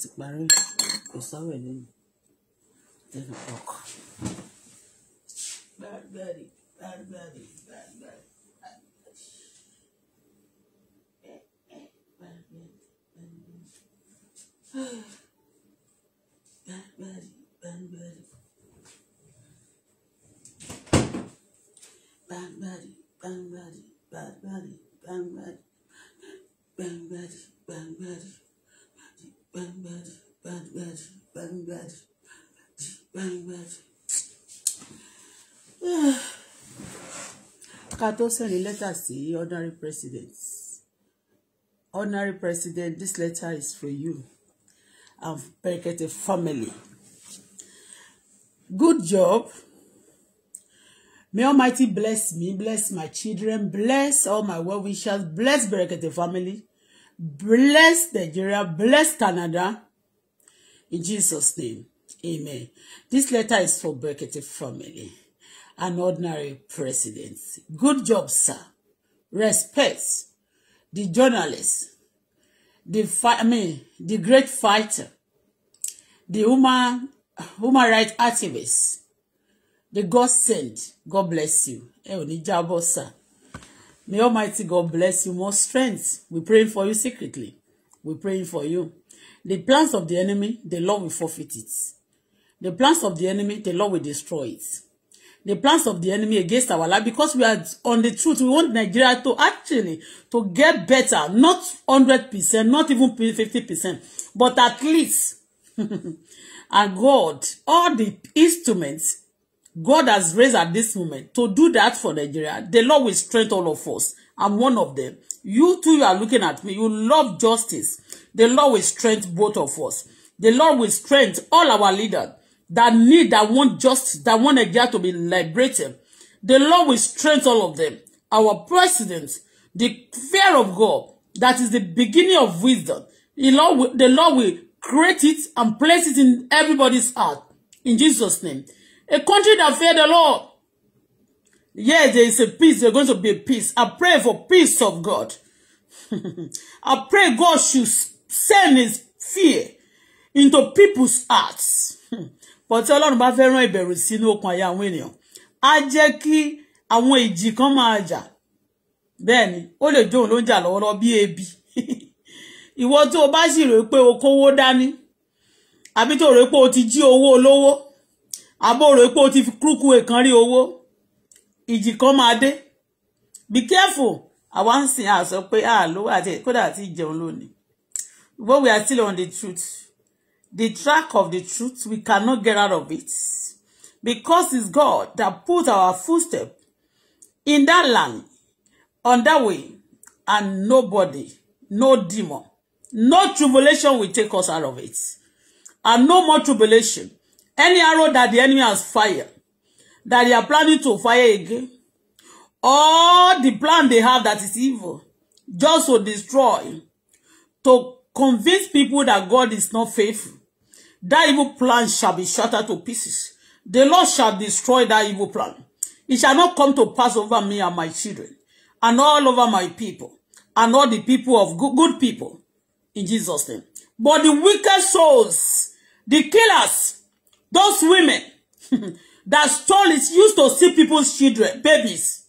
ti parí Bang sáré Bang ten Bang gbàgbàrì Bang gbàgbàrì. Bang gbàgbàrì. Gbàgbàrì gbàgbàrì gbàgbàrì gbàgbàrì gbàgbàrì gbàgbàrì. Bangladesh, Bangladesh, Bangladesh, Bangladesh. Ká tó sẹ́ni lẹ́tà sí ordinary president. Ordinary president, this letter is for you and Brekete family. Good job. May Almighty bless me, bless my children, bless all my well-wishers, bless Brekete family. Bless Nigeria. Bless Canada. In Jesus' name. Amen. This letter is for Brekete family. An ordinary president. Good job, sir. Respect the journalist, the fi- I mean, the great fighter, the human human rights activist, the God sent. God bless you. Eh, ò ní sir. May Almighty God bless you more strength. we praying for you secretly. We praying for you. The plans of the enemy, the Lord will forfeit it. The plans of the enemy, the Lord will destroy it. The plans of the enemy against our life, because we are on the truth, we want Nigeria to actually to get better, not 100%, not even 50%, but at least, and God, all the instruments God has raised at this moment to do that for Nigeria. The Lord will strengthen all of us. I'm one of them. You too, you are looking at me. You love justice. The Lord will strengthen both of us. The Lord will strengthen all our leaders that need, that want justice, that want Nigeria to be liberated. The Lord will strengthen all of them. Our president, the fear of God, that is the beginning of wisdom. The Lord will, the Lord will create it and place it in everybody's heart. In Jesus' name. A country that fear the Lord. Yes, there is a peace. There's going to be a peace. I pray for peace of God. I pray God should send his fear into people's hearts. But tí Ọlọ́run bá fẹ́ rán ìbẹ̀rù sínú ọkàn àyà àwọn ènìyàn, á jẹ́ kí àwọn ìjì kan máa jà. Bẹ́ẹ̀ ni, ó lè jóun ló ń jà lọ́wọ́lọ́wọ́ ebi. Ìwọ tó o bá sì rò o kówó dání, àbí tó o rò o ti jí owó olówó àbó rò pé o ti fi kúrúkú èèkan rí owó ìjì kan máa dé be careful àwa ń sìn á sọ pé a lówó àti kódà àti ìjẹun lónìí but we are still on the truth the track of the truth we cannot get out of it because it's God that put our footstep in that land on that way and nobody no demon no tribulation will take us out of it and no more tribulation Any arrow that the enemy has fired, that they are planning to fire again, or the plan they have that is evil, just to destroy, to convince people that God is not faithful, that evil plan shall be shattered to pieces. The Lord shall destroy that evil plan. It shall not come to pass over me and my children, and all over my people, and all the people of good, good people, in Jesus' name. But the wicked souls, the killers, Those women that stole used to see people's children, babies.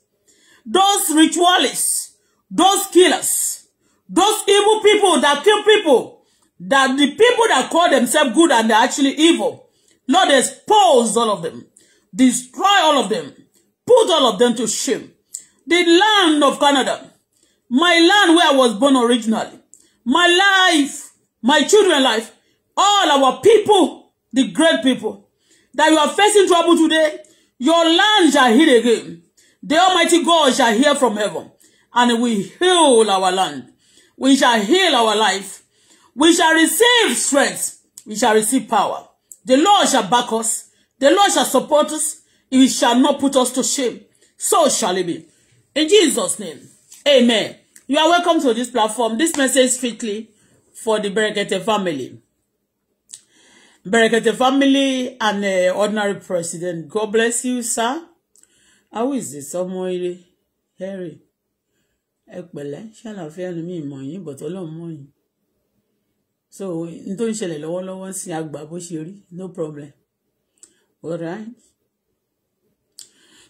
Those ritualists, those killers, those evil people that kill people, that the people that call themselves good and they're actually evil. Lord, expose all of them. Destroy all of them. Put all of them to shame. The land of Canada, my land where I was born originally, my life, my children' life, all our people the great people, that you are facing trouble today, your land shall heal again. The Almighty God shall hear from heaven, and we heal our land. We shall heal our life. We shall receive strength. We shall receive power. The Lord shall back us. The Lord shall support us. He shall not put us to shame. So shall it be. In Jesus' name, amen. You are welcome to this platform. This message is strictly for the Berekete family. Berekete family and uh, ordinary president. God bless you, sir. How is this? Ọmọ ire. Harry. Ẹ pẹ̀lẹ́, ṣàlàfíà fear no ìmọ̀ yín, bọ̀tọ́ lọ́ọ́ mọ̀ So, don't tó ń ṣẹlẹ̀ lọ́wọ́lọ́wọ́ sí àgbà bó ṣe rí, no problem. All right.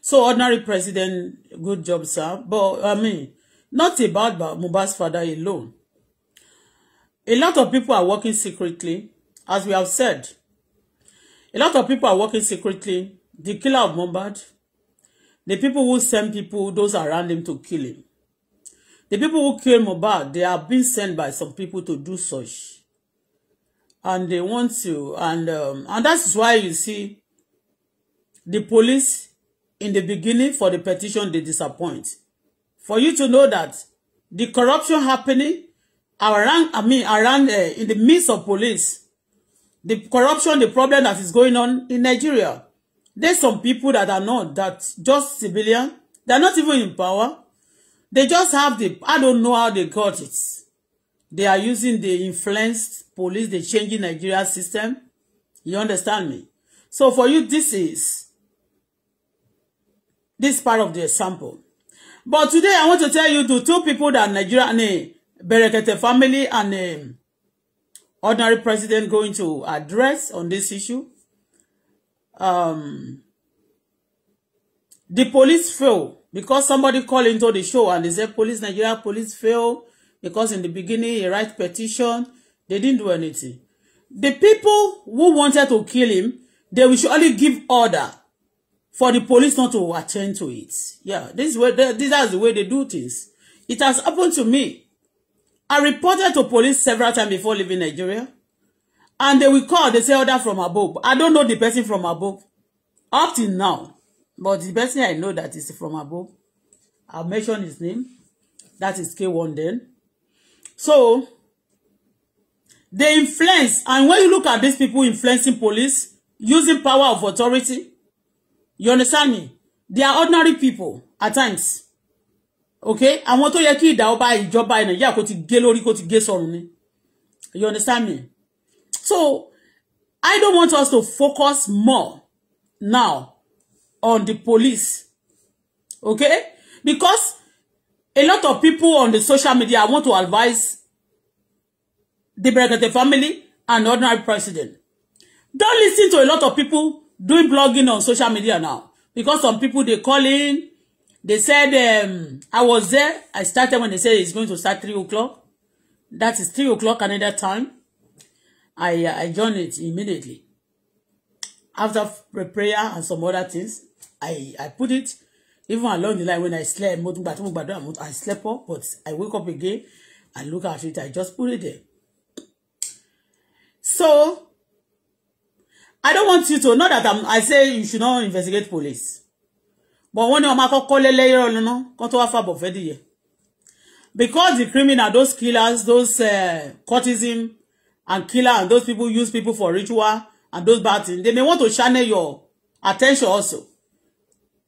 So, ordinary president, good job, sir. But, I mean, not about Mubas father alone. A lot of people are working secretly as we have said, a lot of people are working secretly. The killer of Mohbad, the people who send people, those around him to kill him. The people who kill Mohbad, they are being sent by some people to do such. And they want to, and um, and that's why you see the police in the beginning for the petition, they disappoint. For you to know that the corruption happening around, I mean, around uh, in the midst of police, the corruption, the problem that is going on in Nigeria. There's some people that are not, that just civilian. They're not even in power. They just have the, I don't know how they got it. They are using the influenced police, they changing Nigeria system. You understand me? So for you, this is, this part of the example. But today I want to tell you the two people that Nigeria, and a Berekete family and a, um, ordinary president going to address on this issue. Um, the police fail because somebody called into the show and they said police Nigeria police fail because in the beginning he write petition they didn't do anything. The people who wanted to kill him they will surely give order for the police not to attend to it. Yeah, this is where this is the way they do things. It has happened to me. I reported to police several times before leaving Nigeria. And they will call, they say order from above. I don't know the person from above. Up till now. But the person I know that is from above. I'll mention his name. That is K1 then. So, they influence. And when you look at these people influencing police, using power of authority, you understand me? They are ordinary people at times okay àwọn tó yẹ kí ìdá ọba ìjọba nàìjíríà kó ti gé lórí kó ti gé sọrùn ni you understand me so i don't want us to focus more now on the police okay because a lot of people on the social media want to advise the Brekete family and ordinary president don't listen to a lot of people doing blogging on social media now because some people they call in They said um, I was there. I started when they said it's going to start three o'clock. That is three o'clock Canada time. I uh, I joined it immediately. After prayer and some other things, I I put it even along the line when I slept. I slept up, but I wake up again. I look at it. I just put it there. So I don't want you to know that I'm. I say you should not investigate police but wọ́n ní ọmọ akọ́kọ́ lélẹ́yẹ ọ̀nà kan tó wá fàbọ̀ fẹ́ dìyẹ because the criminal those killers those uh, eh, courtesan and killer and those people use people for ritual and those bad things they may want to channel your attention also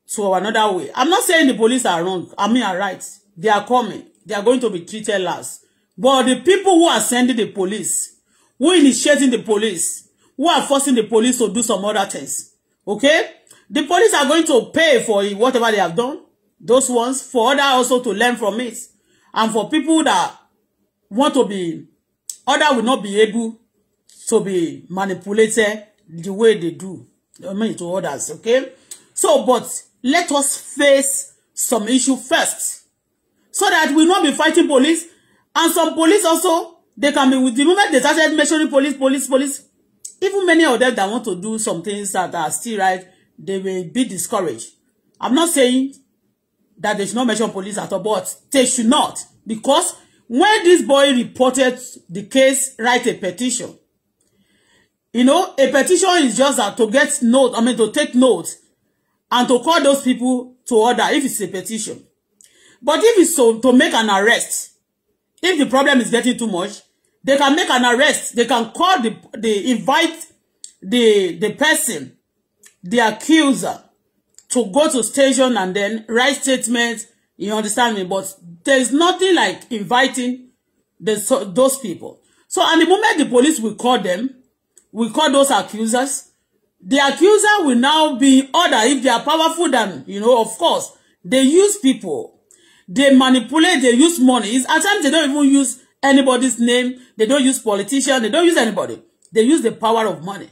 to another way i'm not saying the police are wrong i mean are right they are coming they are going to be treated last but the people who are sending the police who initiating the police who are forcing the police to do some other things okay The police are going to pay for whatever they have done, those ones, for other also to learn from it. And for people that want to be, other will not be able to be manipulated the way they do. I mean, to others, okay? So, but let us face some issue first so that we not be fighting police. And some police also, they can be with the moment they started mentioning police, police, police. Even many of them that want to do some things that are still right, they will be discouraged. I'm not saying that they should not mention police at all, but they should not. Because when this boy reported the case, write a petition. You know, a petition is just that to get note, I mean, to take note and to call those people to order if it's a petition. But if it's so, to make an arrest, if the problem is getting too much, they can make an arrest. They can call the, the invite the, the person the accuser to go to station and then write statements. You understand me? But there is nothing like inviting the, those people. So at the moment the police will call them, we call those accusers, the accuser will now be ordered if they are powerful than, you know, of course, they use people. They manipulate, they use money. It's, at times they don't even use anybody's name. They don't use politicians. They don't use anybody. They use the power of money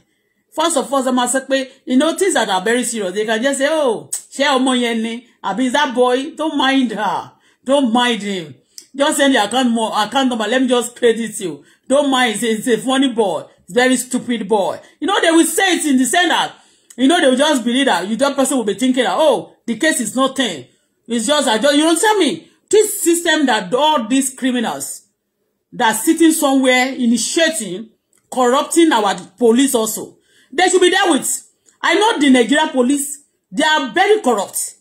first of all ọmọ sọ pé you know things that are very serious they can just say oh ṣé ọmọ yẹn ni àbí is that boy don't mind her don't mind him just send your account more account number let me just credit you don't mind say it's a funny boy it's very stupid boy you know they will say it in the center. you know they will just believe that you that person will be thinking that oh the case is nothing it's just I you don't tell me this system that all these criminals that sitting somewhere initiating corrupting our police also They should be dealt with. I know the Nigeria police, they are very corrupt.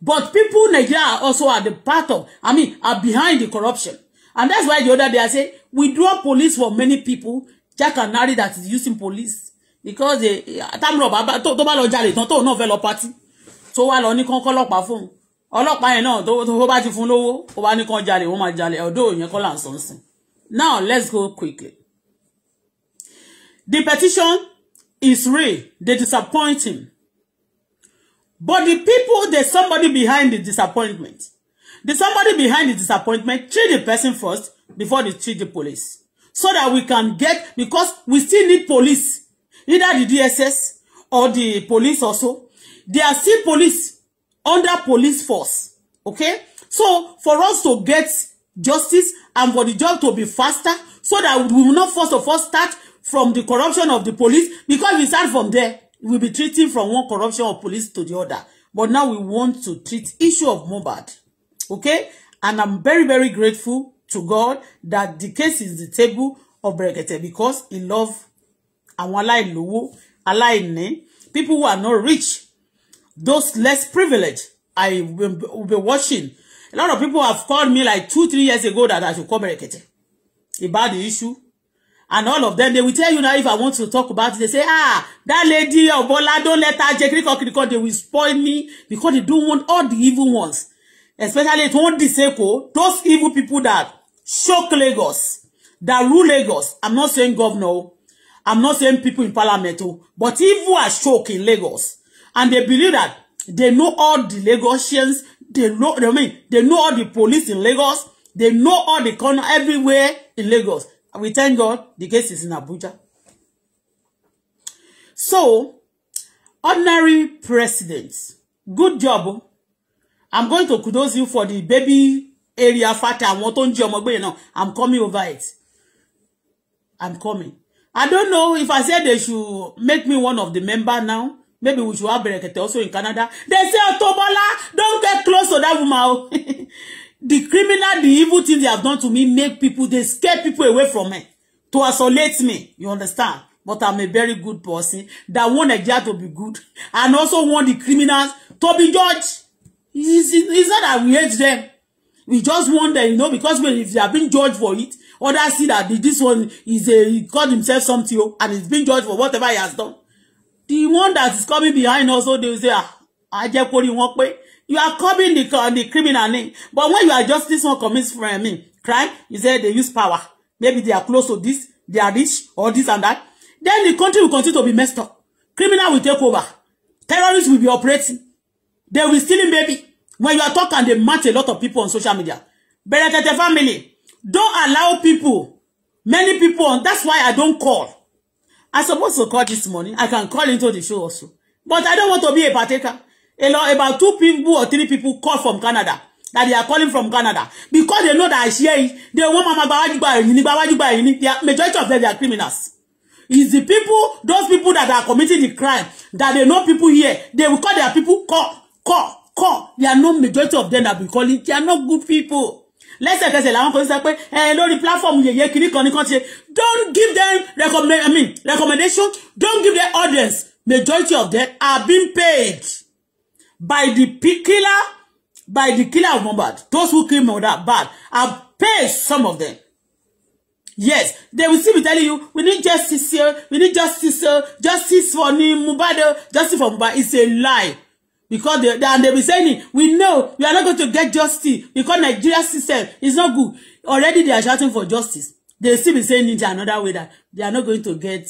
But people in Nigeria also are the part of, I mean, are behind the corruption. And that's why the other day I say, we draw police for many people, Jack and Nari that is using police. Because they, time robber, tó bá lọ jalè, tó tó náà fẹ́ lọ party. Tó wá lọ ní kan kọ́ ọlọ́pàá fún. Ọlọ́pàá yẹn náà, tó bá ti fún lówó, ó wá ní kan jalè, ó máa jalè, ọ̀dọ́ yẹn kọ́ là ń sọ nsìn. Now, let's go quickly. The petition is real. They disappoint him. But the people, there's somebody behind the disappointment. There's somebody behind the disappointment. Treat the person first before they treat the police. So that we can get, because we still need police. Either the DSS or the police also. They are still police under police force. Okay? So for us to get justice and for the job to be faster so that we will not first of all start from the corruption of the police because we start from there we'll be treating from one corruption of police to the other but now we want to treat issue of mobad, okay and I'm very very grateful to God that the case is the table of Brekete because he love àwọn alai aláìní people who are not rich those less privileged I will, will be watching a lot of people have called me like two three years ago that I should call Brekete about the issue and all of them they will tell you now if i want to talk about it they say ah that lady of Bola don't let her jẹ kirikọ they will spoil me because they don't want all the evil ones especially to wan disable those evil people that shock Lagos that rule Lagos i'm not saying governor i'm not saying people in parliament but evil are shock Lagos and they believe that they know all the Lagosians they know I mean they know all the police in Lagos they know all the corner everywhere in Lagos We thank God the case is in Abuja. So, ordinary presidents, good job. I'm going to kudos you for the baby area fata àwọn tó ń jí ọmọ gbé náà I'm coming over it. I'm coming. I don't know if I said they should make me one of the member now. Maybe we should have Berekete also in Canada. They say, Auto don't get close to that woman. the criminal, the evil thing they have done to me make people, they scare people away from me to isolate me. You understand? But I'm a very good person that want Nigeria to be good and also want the criminals to be judged. It's, it's not that we hate them. We just want them, you know, because when, if they have been judged for it, others see that this one is a, he called himself something oh, and he's been judged for whatever he has done. The one that is coming behind also, oh, they will say, ah, him wọn pé You are coming the, uh, the criminal name. But when you are just this one commits crime, I mean, crime, you say they use power. Maybe they are close to this, they are rich, or this and that. Then the country will continue to be messed up. Criminal will take over. Terrorists will be operating. They will stealing baby. When you are talking, they match a lot of people on social media. Berekete family, don't allow people, many people, on, that's why I don't call. I'm supposed to call this morning. I can call into the show also. But I don't want to be a partaker. A lot, about two people or three people call from Canada that they are calling from Canada because they know that I see it. They want Mama Bawajuba Eyini, Bawajuba Eyini. majority of them they are criminals. It's the people, those people that are committing the crime, that they know people here. They will call their people, call, call, call. There are no majority of them that be calling. They are not good people. lẹ́sẹ̀kẹsẹ̀ làwọn kan sọ pé ẹ eh, lórí platform yẹyẹ kìíní kan ní kan ṣe don't give them recommend, I mean, recommendation don't give them audience majority of them are being paid by the killer, by the killer of Mohbad. Those who killed Mohbad have paid some of them. Yes, they will still be telling you, we need justice here, we need justice here, oh. justice for Mohbad, justice for Mohbad. It's a lie. Because they, they, and they'll be saying, we know we are not going to get justice because Nigeria's system is not good. Already they are shouting for justice. They still be saying it another way that they are not going to get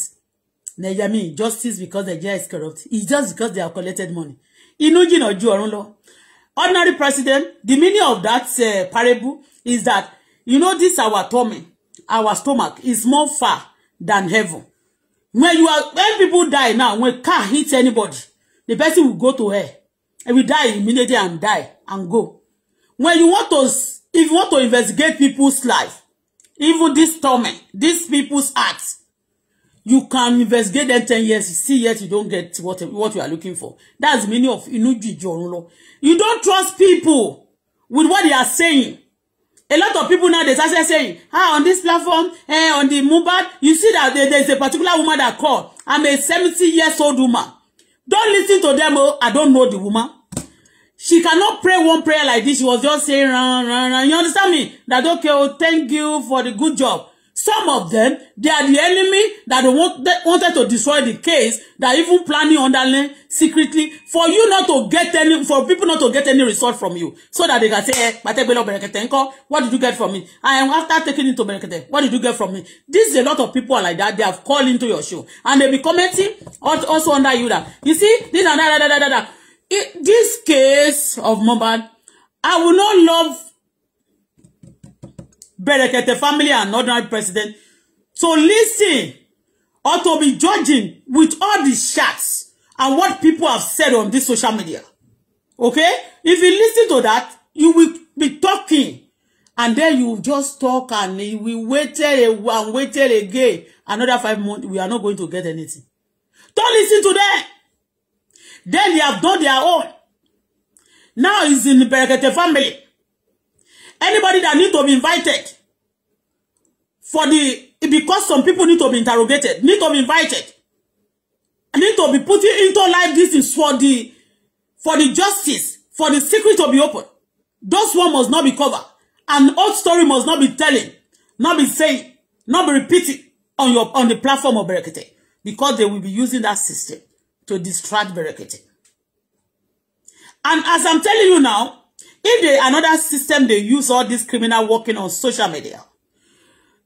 Nigeria, I mean, justice because Nigeria is corrupt. It's just because they have collected money inú jìnnà ju ọ̀run lọ ordinary president the meaning of that uh, parable is that you know this our tummy our stomach is more far than heaven when you are when people die now when car hit anybody the person will go to hell and will die immediately and die and go when you want to if you want to investigate people's life even this torment these people's acts you can investigate them ten years see yet you don't get what what you are looking for that's the meaning of inú jìjì ọ̀run you don't trust people with what they are saying a lot of people now they start saying ah on this platform eh on the Mohbad you see that there, is a particular woman that call i'm a seventy years old woman don't listen to them oh i don't know the woman she cannot pray one prayer like this she was just saying run run run you understand me that okay oh thank you for the good job Some of them, they are the enemy that they want, they wanted to destroy the case, that even planning underling secretly for you not to get any, for people not to get any result from you. So that they can say, eh, Mategbelo Berekete ńkọ́, what did you get from me? I am after taking it to Berekete. What did you get from me? This is a lot of people are like that. They have called into your show. And they be commenting also under you that, you see, this and that, that, that, that, that. this case of Mohbad, I will not love Berekete family and ordinary president to listen or to be judging with all these shots and what people have said on this social media. Okay? If you listen to that, you will be talking and then you just talk and we waited and waited again another five months we are not going to get anything don't listen to them then they have done their own now it's in the Berekete family Anybody that need to be invited for the because some people need to be interrogated, need to be invited, need to be put into life. This is for the for the justice, for the secret to be open. Those one must not be covered. An old story must not be telling, not be saying, not be repeating on your on the platform of Berekete because they will be using that system to distract Berekete. And as I'm telling you now, If they another system, they use all these criminal working on social media.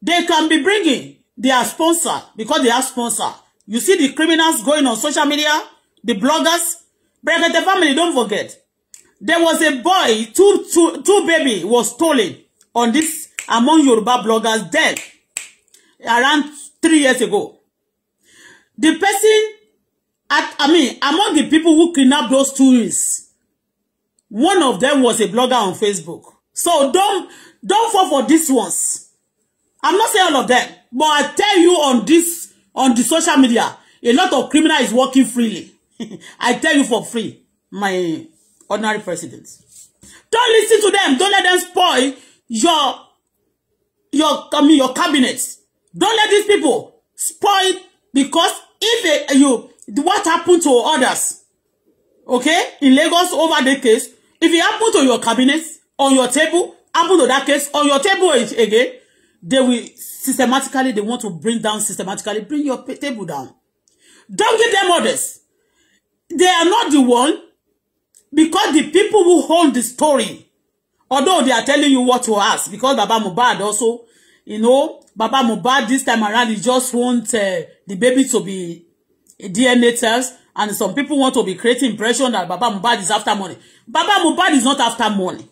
They can be bringing their sponsor because they are sponsor. You see the criminals going on social media, the bloggers. Brekete family, don't forget. There was a boy, two, two, two baby was stolen on this among Yoruba bloggers dead around three years ago. The person, at, I mean, among the people who kidnapped those tourists, One of them was a blogger on Facebook. So don't don't fall for these ones. I'm not saying all of them, but I tell you on this on the social media, a lot of criminal is working freely. I tell you for free, my ordinary president. Don't listen to them. Don't let them spoil your your I mean your cabinet. Don't let these people spoil because if they, you what happened to others, okay, in Lagos over the case, If it happen to your cabinet, on your table, happen to that case, on your table again, they will systematically, they want to bring down systematically, bring your table down. Don't give them orders. They are not the one because the people who hold the story, although they are telling you what to ask, because Baba Mubad also, you know, Baba Mubad this time around, he just wants uh, the baby to be DNA test, and some people want to be creating impression that Baba Mubad is after money. Baba Mubad is not after money.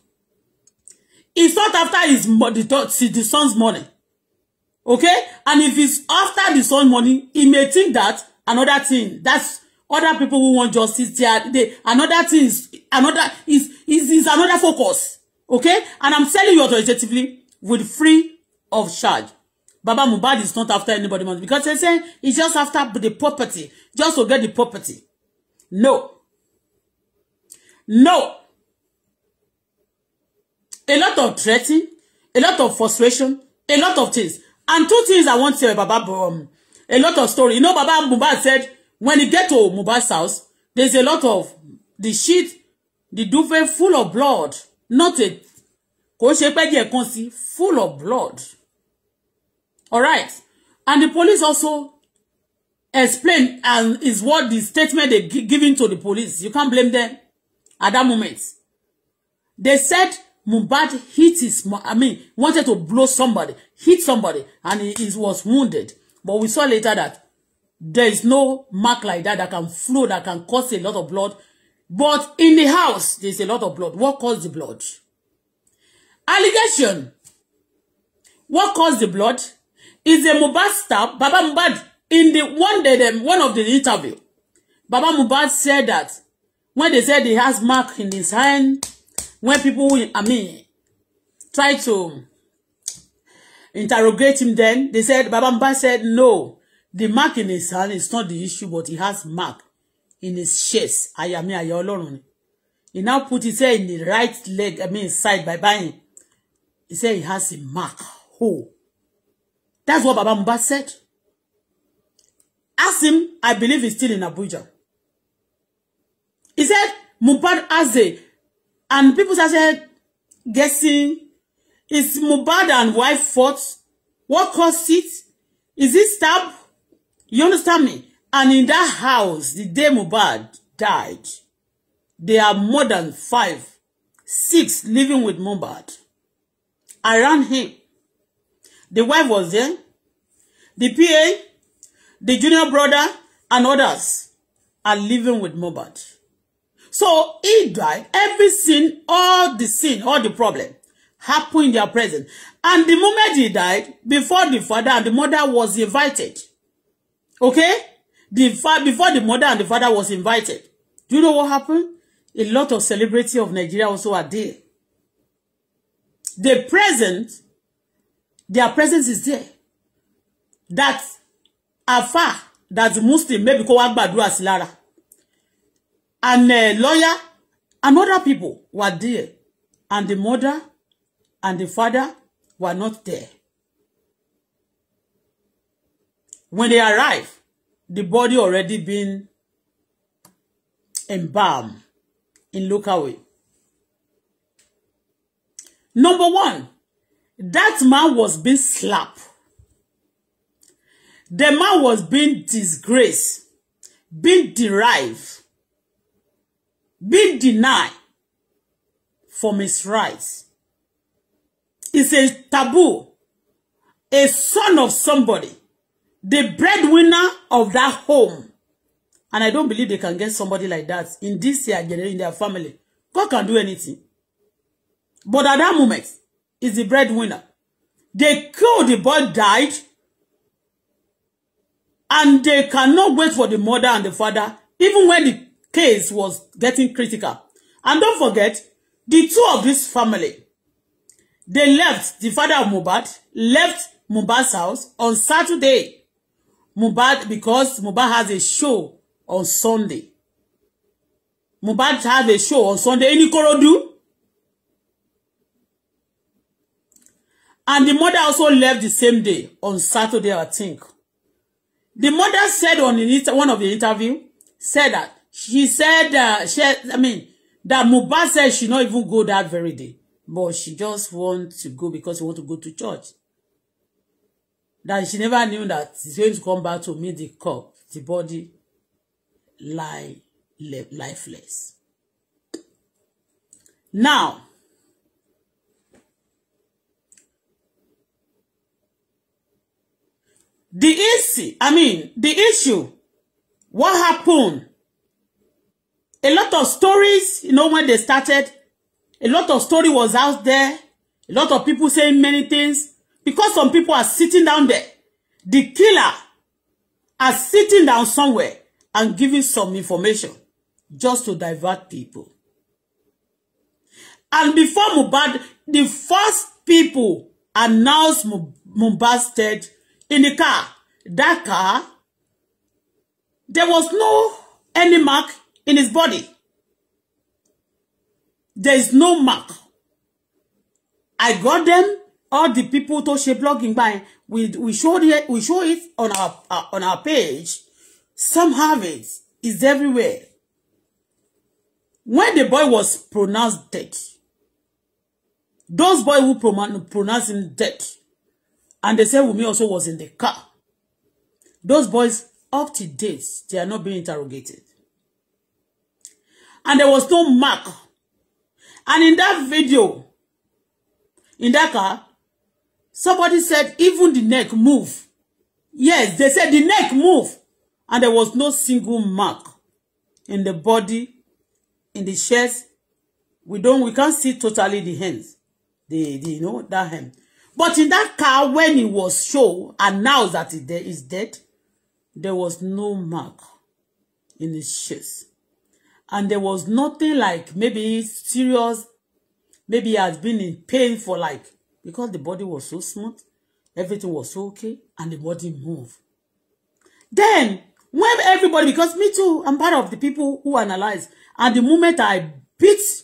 He's not after his the, the son's money. Okay? And if he's after the son's money, he may think that another thing. That's other people who want justice. They are, they, another thing is another is, is is another focus. Okay? And I'm telling you authoritatively with free of charge. Baba Mubad is not after anybody money because they say he's just after the property, just to get the property. No. No. A lot of threatening, a lot of frustration, a lot of things. And two things I want to tell Baba um, a lot of story. You know, Baba Mubad said when he get to Mubad's house, there's a lot of the shit, the duvet full of blood. Not a kò ṣe full of blood. Alright. And the police also explained and is what the statement they giving to the police. You can't blame them at that moment. They said Mubad hit his, I mean, wanted to blow somebody, hit somebody, and he, he was wounded. But we saw later that there is no mark like that that can flow, that can cause a lot of blood. But in the house, there's a lot of blood. What caused the blood? Allegation. What caused the blood? Is a Mubad stab, Baba Mubad. in the one day, one of the interview, Baba Mubad said that When they said he has mark in his hand, when people, I mean, try to interrogate him then, they said, Babamba said, no, the mark in his hand is not the issue, but he has mark in his chest. Aya mi aya Ọlọ́run ni. He now put his head in the right leg, I mean, side by buying. He said he has a mark. Oh. That's what Babamba said. Ask him, I believe he's still in Abuja. He said "Mubad has and people started guessing, is Mubad and wife fought? What caused it? Is it stab? You understand me? And in that house, the day Mubad died, there are more than five, six living with Mubad. around him. The wife was there, the PA, the junior brother, and others are living with Mubad." So he died. Every sin, all the sin, all the problem happened in their presence. And the moment he died, before the father and the mother was invited. Okay? The before the mother and the father was invited. Do you know what happened? A lot of celebrity of Nigeria also are there. The present, their presence is there. That afar, that Muslim, maybe kó wá gbàdúrà sí and a lawyer and other people were there and the mother and the father were not there. When they arrived, the body already been embalmed in local way. Number one, that man was being slapped. The man was being disgraced, being derided being denied for his rights is a taboo. A son of somebody, the breadwinner of that home. And I don't believe they can get somebody like that in this year, in their family. God can do anything. But at that moment, is the breadwinner. They killed the boy, died, and they cannot wait for the mother and the father, even when the case was getting critical. And don't forget, the two of this family, they left, the father of Mohbad, left Mohbad's house on Saturday. Mohbad, because Mohbad has a show on Sunday. Mohbad has a show on Sunday in Ikorodu. And the mother also left the same day on Saturday, I think. The mother said on one of the interview, said that she said uh, she I mean that Mohbad said she not even go that very day, but she just want to go because she want to go to church. That she never knew that she's going to come back to meet the cup, the body, lie, lifeless. Now, the issue, I mean, the issue, what happened A lot of stories, you know, when they started, a lot of story was out there. A lot of people saying many things. Because some people are sitting down there. The killer are sitting down somewhere and giving some information just to divert people. And before Mubad, the first people announced Mohbad's death in the car. That car, there was no any mark in his body. There is no mark. I got them. All the people to share blogging by we we show it we show it on our uh, on our page. Some have is It's everywhere. When the boy was pronounced dead, those boys who pronounced him dead, and they said Wunmi also was in the car. Those boys up to date, they are not being interrogated and there was no mark. And in that video, in that car, somebody said even the neck move. Yes, they said the neck move. And there was no single mark in the body, in the chest. We don't, we can't see totally the hands. The, the you know, that hand. But in that car, when it was shown, announced that it is dead, there was no mark in his chest and there was nothing like maybe serious maybe he has been in pain for like because the body was so smooth everything was so okay and the body moved then when everybody because me too I'm part of the people who analyze and the moment I beat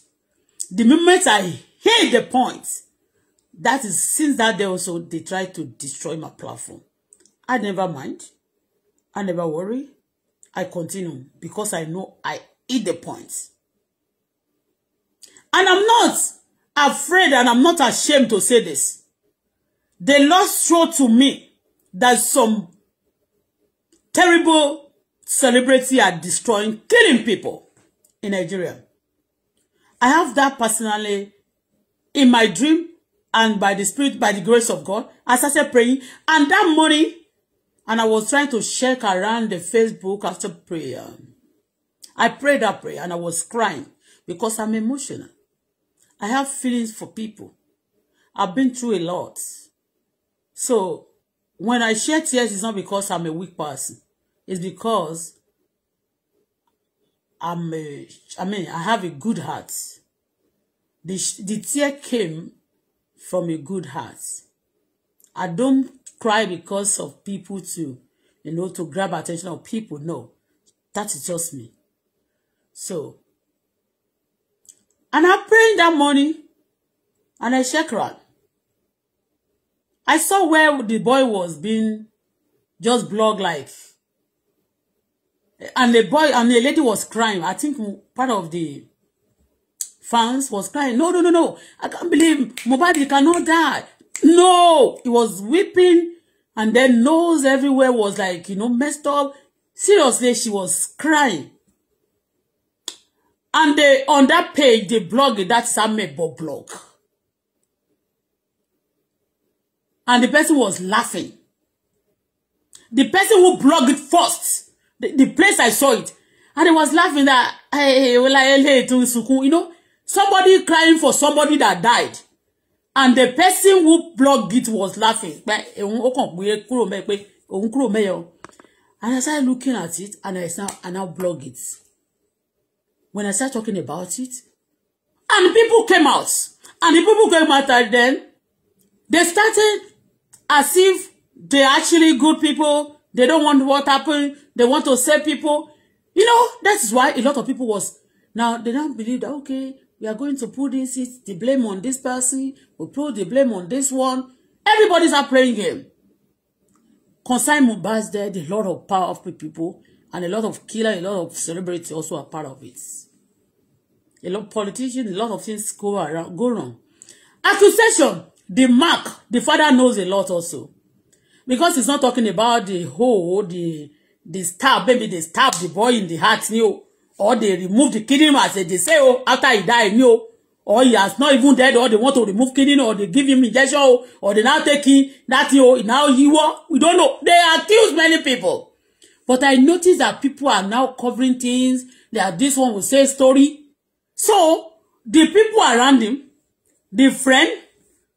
the moment I hit the point that is since that day also they try to destroy my platform I never mind I never worry I continue because I know I hit the point. And I'm not afraid and I'm not ashamed to say this. The Lord showed to me that some terrible celebrity are destroying, killing people in Nigeria. I have that personally in my dream and by the Spirit, by the grace of God. as I started praying and that morning, and I was trying to shake around the Facebook after prayer. I prayed that prayer and I was crying because I'm emotional. I have feelings for people. I've been through a lot. So when I shed tears, it's not because I'm a weak person. It's because I'm a, I mean, I have a good heart. The, the tear came from a good heart. I don't cry because of people to, you know, to grab attention of people. No, that is just me. So, and I prayed that morning, and I checked around. I saw where the boy was being just blogged like. And the boy and the lady was crying. I think part of the fans was crying. No, no, no, no. I can't believe Mobadi cannot die. No. He was weeping and then nose everywhere was like, you know, messed up. Seriously, she was crying. And they, on that page, they blog that that's blog. And the person was laughing. The person who blogged first, the, the place I saw it, and he was laughing that, hey, well I to you know, somebody crying for somebody that died. And the person who blogged it was laughing. E and I started looking at it, and I, saw, and now blog it when I started talking about it, and people came out, and the people came out at them. They started as if they're actually good people. They don't want what happened. They want to save people. You know, that's why a lot of people was, now they don't believe that, okay, we are going to put this, the blame on this person, we put the blame on this one. Everybody's are playing game. Consign Mohbad's dead, a lot of powerful people and a lot of killer, a lot of celebrity also are part of it. A lot of politicians, a lot of things go around, go wrong. Accusation, the mark, the father knows a lot also. Because he's not talking about the whole, the the stab, maybe they stab the boy in the heart, you know, or they remove the kidney as they say, oh, after he died, you know, or he has not even dead, or they want to remove kidney, or they give him injection, oh, or they now take him, that, you know, now he are, we don't know. They accuse many people. But I noticed that people are now covering things. That this one will say story. So the people around him, the friend,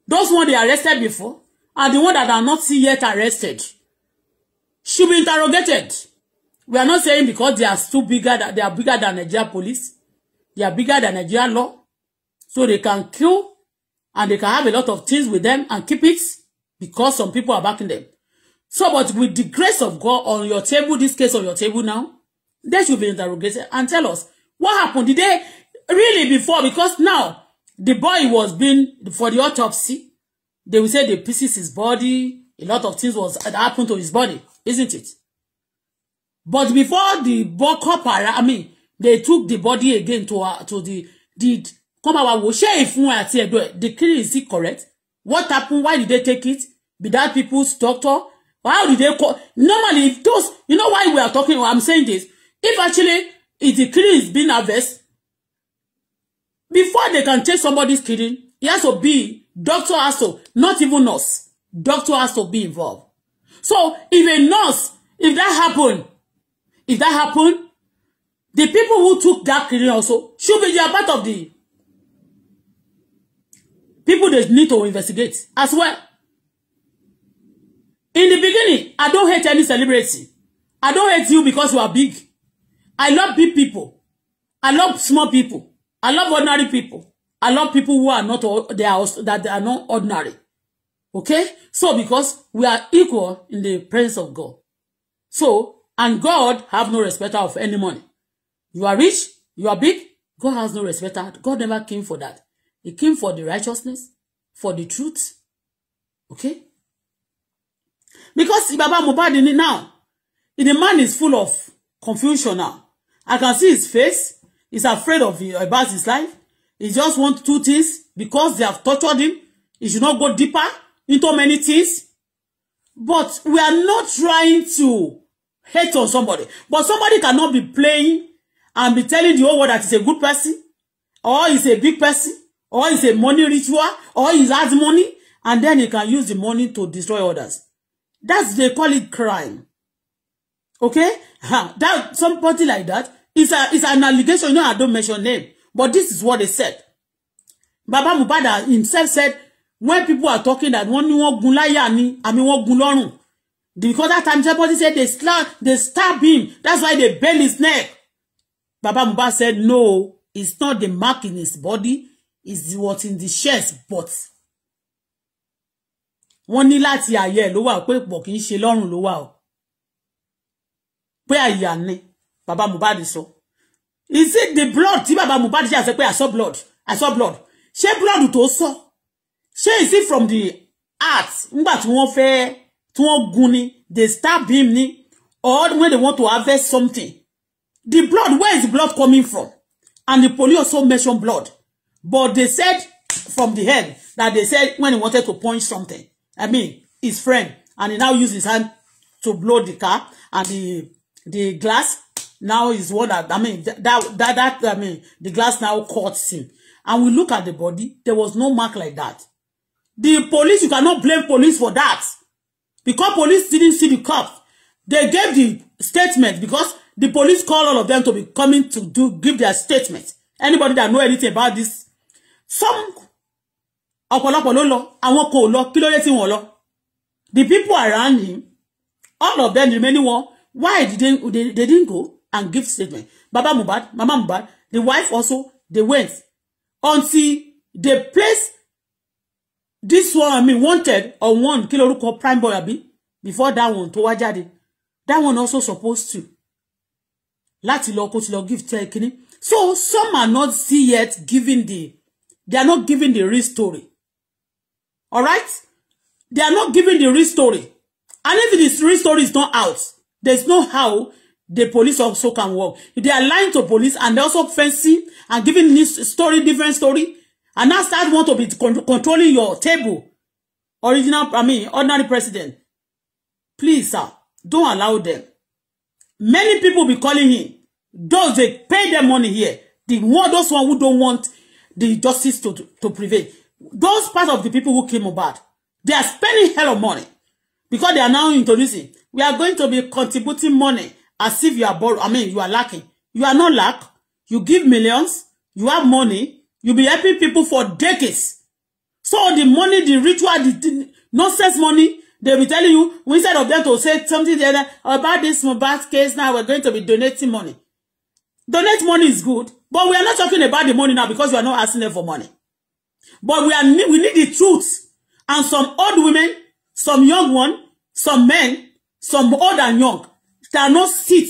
those one they arrested before, and the one that are not see yet arrested, should be interrogated. We are not saying because they are still bigger that they are bigger than Nigeria police, they are bigger than Nigeria law, so they can kill and they can have a lot of things with them and keep it because some people are backing them. So, but with the grace of God on your table, this case on your table now, they should be interrogated and tell us what happened. Did they really before? Because now the boy was being for the autopsy. They will say they pieces his body. A lot of things was happened to his body, isn't it? But before the boko para, I mean, they took the body again to uh, to the the come our wo ṣe ìfun àti ẹ̀dọ̀. The killing is it correct? What happened? Why did they take it? Be that people's doctor? How did they call? Normally, if those, you know why we are talking, I'm saying this. If actually, if the kidney is being harvested, before they can take somebody's kidney, he has to be, doctor has to, not even nurse. Doctor has to be involved. So, if a nurse, if that happen, if that happen, the people who took that kidney also should be a part of the people they need to investigate as well. In the beginning, I don't hate any celebrity. I don't hate you because you are big. I love big people. I love small people. I love ordinary people. I love people who are not they are that they are not ordinary. Okay? So because we are equal in the presence of God. So, and God have no respecter of any money. You are rich, you are big, God has no respecter. God never came for that. He came for the righteousness, for the truth. Okay? Because Baba Mohbad in it now, the man is full of confusion now. I can see his face. He's afraid of about his life. He just wants two things because they have tortured him. He should not go deeper into many things. But we are not trying to hate on somebody. But somebody cannot be playing and be telling the whole world that he's a good person, or he's a big person, or he's a money ritual, or he has money, and then he can use the money to destroy others. That's they call it crime. Okay? Ha, that somebody like that is a is an allegation. You know, I don't mention name, but this is what they said. Baba Mubada himself said when people are talking that wọ́n ní wọ́n gun láyà ni, àmì wọ́n gun lọ́rùn. Because that time somebody said they stab they stab him. That's why they bend his neck. Baba Mubada said no, it's not the mark in his body, it's what in the chest, but wọ́n ní láti àyè ẹ̀ ló wà pé pọ̀ kì í ṣe lọ́rùn ló wà o pé àyà ni bàbá Mohbad sọ is it the blood tí bàbá Mohbad ṣe àṣẹ pé I saw blood I saw blood ṣé blood tó sọ ṣé is it from the heart nígbà tí wọ́n fẹ́ tí wọ́n gun ni they stab him ni or when they want to harvest something the blood where is the blood coming from and the police also mention blood but they said from the head that they said when he wanted to punch something I mean, his friend, and he now used his hand to blow the car and the the glass now is what that I mean that that that I mean the glass now caught him. And we look at the body, there was no mark like that. The police, you cannot blame police for that. Because police didn't see the cops. They gave the statement because the police called all of them to be coming to do give their statement. Anybody that know anything about this, some ọ̀pọ̀lọpọ̀ ló lọ àwọn kò lọ kí ló tí wọ́n lọ the people around him all of them the remaining one why did they, they, they didn't go and give statement baba Mohbad mama Mohbad the wife also they went until they place this one i mean wanted on one kí lorúkọ prime boy àbí before that one tó wá jáde that one also supposed to láti lọ kó ti lọ give tell kini so some are not see yet giving the they are not giving the real story All right? They are not giving the real story. And if this real story is not out, there's no how the police also can work. If they are lying to police and also fancy and giving this story, different story, and now start want to be controlling your table, original, I mean, ordinary president, please, sir, don't allow them. Many people be calling him. Those, they pay their money here. The one, those one who don't want the justice to, to prevail those part of the people who came about, they are spending hell of money because they are now introducing. We are going to be contributing money as if you are borrowing. I mean, you are lacking. You are not lack. You give millions. You have money. You be helping people for decades. So the money, the ritual, the, the nonsense money, they be telling you, instead of them to say something the other, about this Mohbad case now, we're going to be donating money. Donate money is good, but we are not talking about the money now because we are not asking them for money. But we, are, we need the truth. And some old women, some young one, some men, some old and young, cannot sit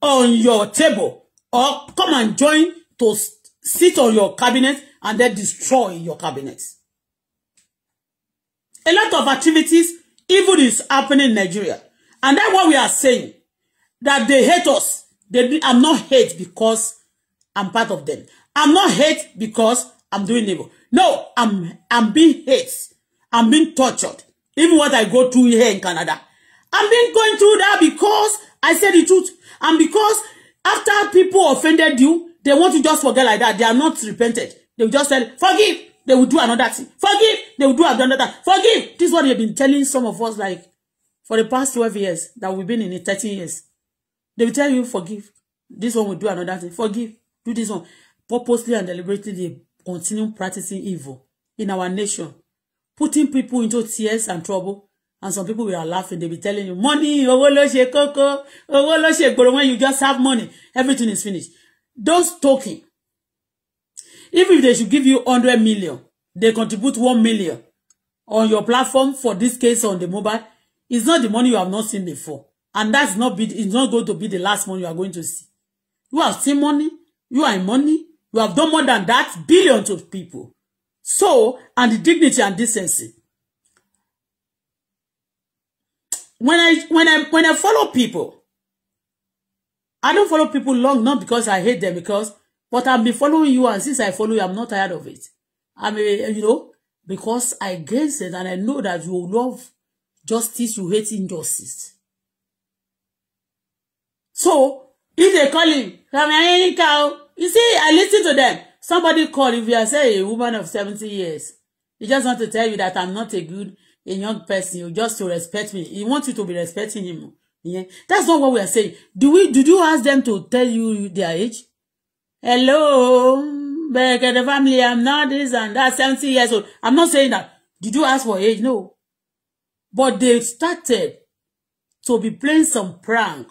on your table or come and join to sit on your cabinet and then destroy your cabinet. A lot of activities, evil is happening in Nigeria. And that's what we are saying. That they hate us. They, I'm not hate because I'm part of them. I'm not hate because I'm doing evil. No, I'm I'm being hate. I'm being tortured. Even what I go through here in Canada. I'm being going through that because I said the truth. And because after people offended you, they want to just forget like that. They are not repented. They will just tell, forgive. They will do another thing. Forgive. They will do another thing. Forgive. This is what they've been telling some of us like for the past 12 years that we've been in it, 13 years. They will tell you, forgive. This one will do another thing. Forgive. Do this one. Purposely and deliberately, they continue practicing evil in our nation, putting people into tears and trouble. And some people were laughing. They be telling you, money, owó ló ṣe kókó, owó ló ṣe gbòòrò. When you just have money, everything is finished. Those talking. Even if they should give you 100 million, they contribute 1 million on your platform for this case on the mobile. It's not the money you have not seen before. And that's not be, it's not going to be the last money you are going to see. You have seen money, you are in money, You have done more than that, billions of people. So, and the dignity and decency. When I when I when I follow people, I don't follow people long, not because I hate them, because but I've been following you, and since I follow you, I'm not tired of it. I mean, you know, because I guess it and I know that you love justice, you hate injustice. So if they call him from America, You see, I listen to them. Somebody called, if you are, say, a woman of 70 years, he just want to tell you that I'm not a good, a young person, just to respect me. He wants you to be respecting him. Yeah. That's not what we are saying. Do we, did you ask them to tell you their age? Hello, back at the family, I'm not this and that, 70 years old. I'm not saying that. Did you ask for age? No. But they started to be playing some prank,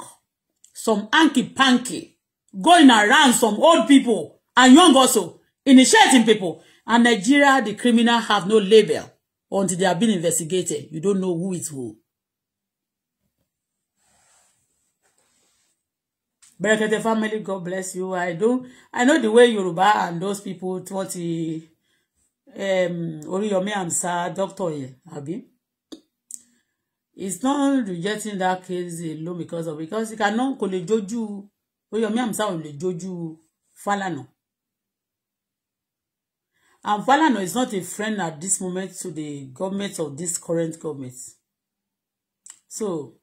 some hanky-panky going around some old people and young also, initiating people. And Nigeria, the criminal have no label until they have been investigated. You don't know who is who. Berekete family, God bless you. I do. I know the way Yoruba and those people taught um, Oriyomi Amsa, doctor abi. It's not rejecting that case alone because of because you cannot call lè jojú Oríyọmí Hamzat ò lè jójú Falana and Falana is not a friend at this moment to the government of this current government so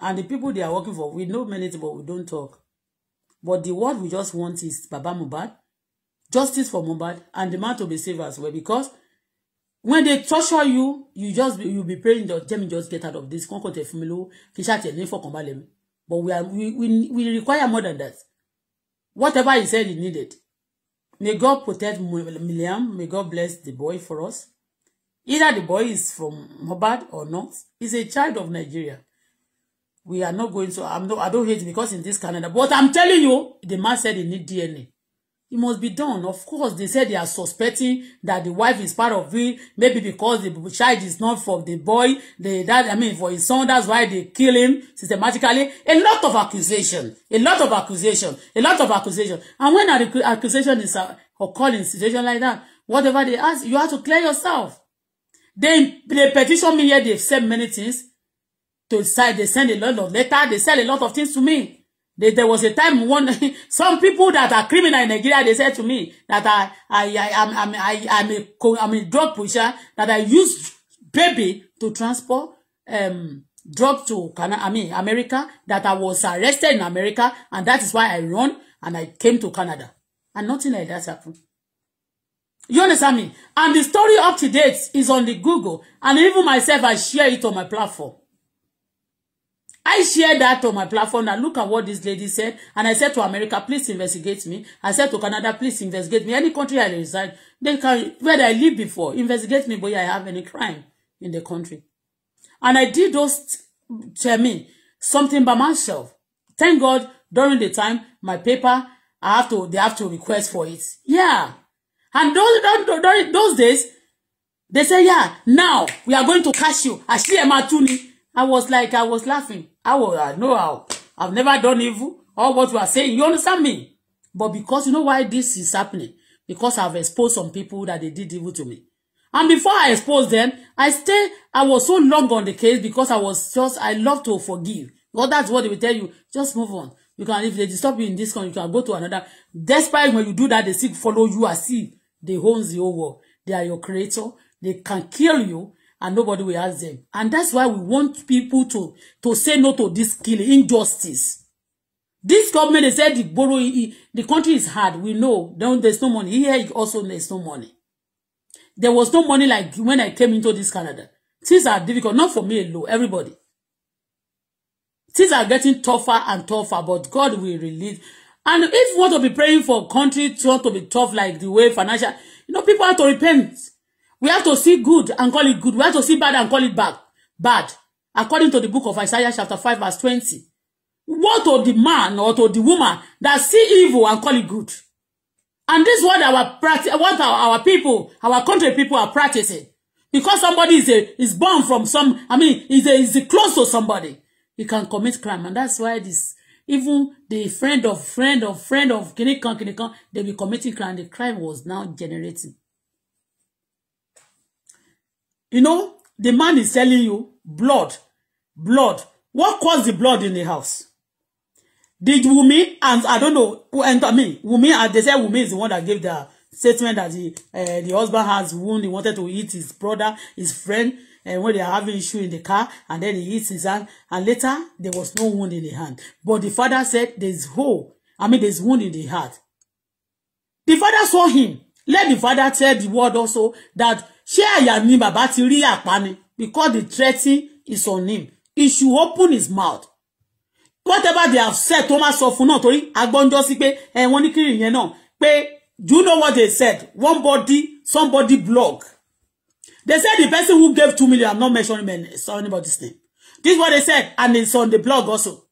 and the people they are working for we know many things but we don't talk but the word we just want is Baba Mohbad justice for Mohbad and the man to be saved as well because when they torture you you just be, you be praying that let just get out of this kankan tẹ fún mi lówó But we are we, we, we require more than that. Whatever he said he needed. May God protect Miriam. May God bless the boy for us. Either the boy is from Mohbad or not, he's a child of Nigeria. We are not going to, I'm not, I don't hate because in this Canada. But I'm telling you, the man said he need DNA. It must be done. Of course, they said they are suspecting that the wife is part of it. Maybe because the child is not from the boy. The that I mean for his son. That's why they kill him systematically. A lot of accusation. A lot of accusation. A lot of accusation. And when an accusation is uh, occurring situation like that, whatever they ask, you have to clear yourself. They they petition me here. They've said many things. To side, they send a lot of letter. They send a lot of things to me there was a time one some people that are criminal in Nigeria they said to me that I I I am I'm, I I'm a I'm a drug pusher that I used baby to transport um drug to Canada I mean America that I was arrested in America and that is why I run and I came to Canada and nothing like that happened. You understand me? And the story up to date is on the Google and even myself I share it on my platform. I shared that on my platform and look at what this lady said. And I said to America, please investigate me. I said to Canada, please investigate me. Any country I reside, they can, where I live before, investigate me, whether I have any crime in the country. And I did those, tell me, something by myself. Thank God, during the time, my paper, I have to, they have to request for it. Yeah. And those, those, those days, they say, yeah, now we are going to catch you. I see a matuni. I was like, I was laughing. I was, I know how. I've never done evil or what you are saying. You understand me? But because you know why this is happening? Because I've exposed some people that they did evil to me. And before I exposed them, I stay, I was so long on the case because I was just, I love to forgive. Well, that's what they will tell you. Just move on. You can, if they disturb you in this country, you can go to another. Despite when you do that, they still follow you I see they own the whole world. They are your creator. They can kill you and nobody will ask them. And that's why we want people to, to say no to this killing, injustice. This government, they said the borrow, the country is hard. We know there's no money. Here also there's no money. There was no money like when I came into this Canada. Things are difficult, not for me alone, everybody. Things are getting tougher and tougher, but God will release. And if you want to be praying for a country not to be tough like the way financial, you know, people have to repent. We have to see good and call it good. We have to see bad and call it bad. Bad. According to the book of Isaiah chapter 5 verse 20. What of the man or to the woman that see evil and call it good? And this is what our what our, our people, our country people are practicing. Because somebody is a, is born from some, I mean, is a, is a close to somebody, he can commit crime, and that's why this even the friend of friend of friend of kinikan kinikan they be committing crime. The crime was now generating. You know, the man is telling you blood, blood. What caused the blood in the house? Did Wumi and I don't know who entered me. Wumi and they say Wumi is the one that gave the statement that the uh, the husband has wound. He wanted to eat his brother, his friend, and eh, when they are having issue in the car, and then he eats his hand. And later there was no wound in the hand. But the father said there's hole. I mean there's wound in the heart. The father saw him. Let the father tell the word also that ṣé àyà ni bàbá ti rí àpá because the threatening is on him he should open his mouth whatever they have said tó máa sọ fún náà torí agbọ́njọ́ sí pé ẹ wọ́n ní kiri yẹn náà pé do you know what they said one body somebody blog they said the person who gave two million i'm not mentioning men, sorry anybody's name this is what they said and it's on the blog also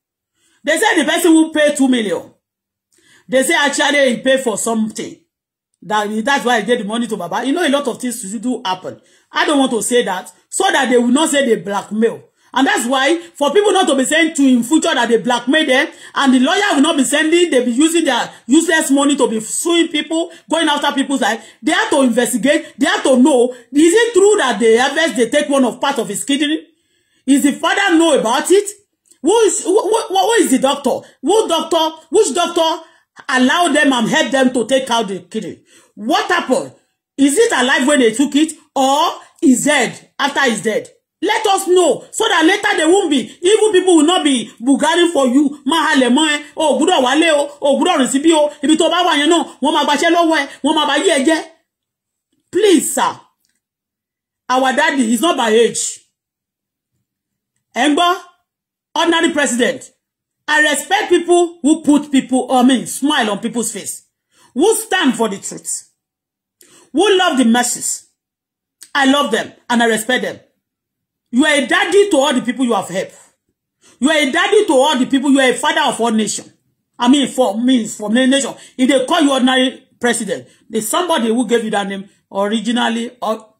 they said the person who pay two million they say actually he pay for something That, that's why I gave the money to Baba. You know, a lot of things do happen. I don't want to say that so that they will not say they blackmail. And that's why for people not to be saying to in future that they blackmail them and the lawyer will not be sending, they be using their useless money to be suing people, going after people's life. They have to investigate. They have to know. Is it true that the harvest, they take one of part of his kidney? Is the father know about it? Who is, who, who, who is the doctor? Who doctor? Which doctor? allow them and help them to take out the kidney. What happened? Is it alive when they took it or is dead after it's dead? Let us know so that later they won't be evil people will not be bugarin for you máa halẹ̀ mọ́ ẹ o gbúdọ̀ wálé o o gbúdọ̀ rìn síbí o ibi tó bá wà yẹn náà wọ́n máa gbaṣẹ́ lọ́wọ́ ẹ please sir our daddy is not by age ẹ̀ ń ordinary president I respect people who put people, I mean, smile on people's face, who stand for the truth, who love the masses. I love them and I respect them. You are a daddy to all the people you have helped. You are a daddy to all the people. You are a father of all nation. I mean, for means for many nation. If they call you ordinary president, there's somebody who gave you that name originally. Or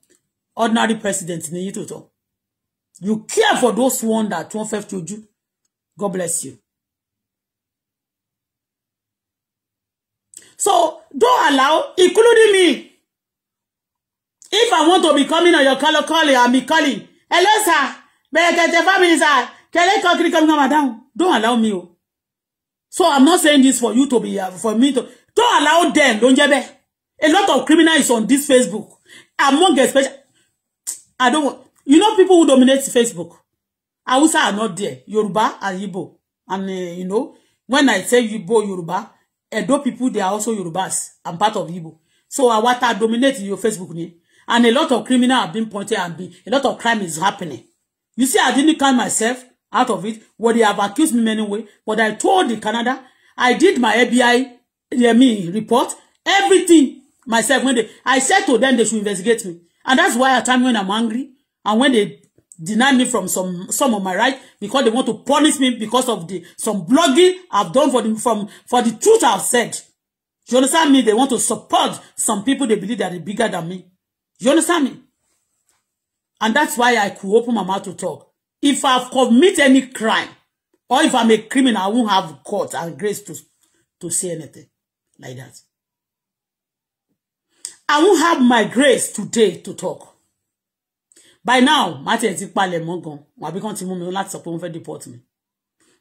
ordinary president ni yìí tòótọ́. You care for those one that wọ́n fẹ́ fi God bless you. So don't allow, including me. If I want to be coming on your call, call I'll be calling. Hello, sir. May I get Berekete family, sir. Kele kokiri coming on, madam. Don't allow me. So I'm not saying this for you to be, uh, for me to. Don't allow them, don't you be? A lot of criminals on this Facebook. Among especially, I don't, you know people who dominate Facebook. I will say are not there. Yoruba and Igbo. And, uh, you know, when I say Igbo, Yoruba, Edo people, they are also Yorubas. and part of Igbo. So Awata dominate your Facebook name. And a lot of criminal have been pointed and be, a lot of crime is happening. You see, I didn't count myself out of it. What well, they have accused me many way. But I told the Canada, I did my FBI, I mean, report. Everything myself when they, I said to them they should investigate me. And that's why at time when I'm angry and when they deny me from some some of my right because they want to punish me because of the some blogging I've done for the from for the truth I've said. You understand me? They want to support some people they believe that are bigger than me. You understand me? And that's why I could open my mouth to talk. If I've committed any crime or if I'm a criminal, I won't have court and grace to to say anything like that. I won't have my grace today to talk by now má tiẹ̀ ti palẹ̀ mọ́ gan wọn àbí kàn ti mú mi láti sọ pé wọ́n fẹ́ deport mi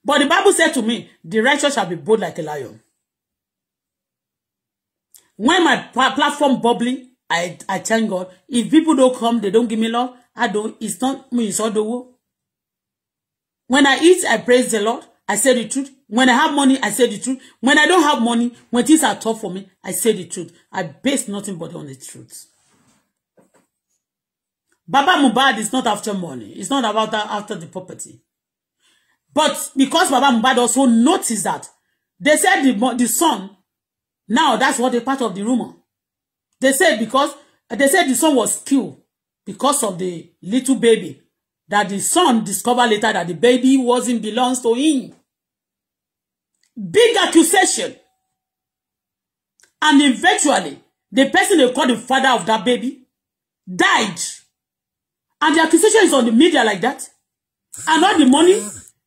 but the bible said to me the righteous shall be bold like a lion when my platform bubbling i i thank god if people don't come they don't give me love i don't it's not me it's all the world when i eat i praise the lord i say the truth when i have money i say the truth when i don't have money when things are tough for me i say the truth i base nothing but on the truth Baba Mubad is not after money. It's not about that after the property. But because Baba Mubad also noticed that, they said the, the son, now that's what a part of the rumor. They said because, they said the son was killed because of the little baby. That the son discovered later that the baby wasn't belongs to him. Big accusation. And eventually, the person they called the father of that baby died And the accusation is on the media like that. And all the money.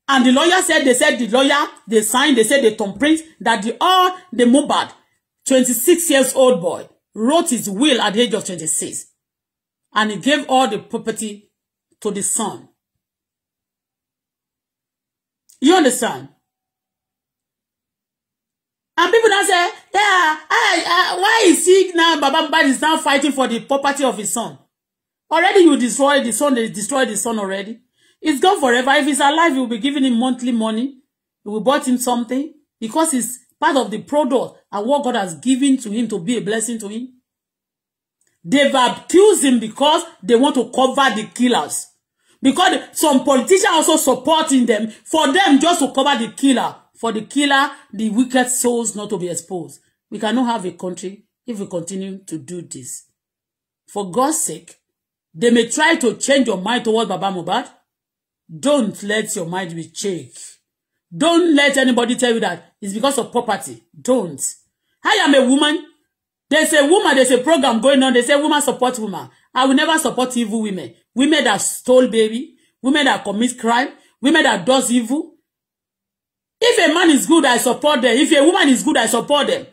And the lawyer said, they said the lawyer, they signed, they said they thumbprint that the all oh, the Mohbad, 26 years old boy, wrote his will at the age of 26. And he gave all the property to the son. You understand? And people now say, yeah, I, I, why is he now, Baba Mohbad is now fighting for the property of his son? Already you destroyed the son. They destroyed the son already. It's gone forever. If he's alive, you'll be giving him monthly money. You will bought him something because it's part of the product and what God has given to him to be a blessing to him. They've abused him because they want to cover the killers. Because some politicians also supporting them for them just to cover the killer. For the killer, the wicked souls not to be exposed. We cannot have a country if we continue to do this. For God's sake, They may try to change your mind towards Baba Mohbad. Don't let your mind be changed. Don't let anybody tell you that it's because of property. Don't. I am a woman. There's a woman, there's a program going on. They say woman support woman. I will never support evil women. Women that stole baby, women that commit crime, women that does evil. If a man is good, I support them. If a woman is good, I support them.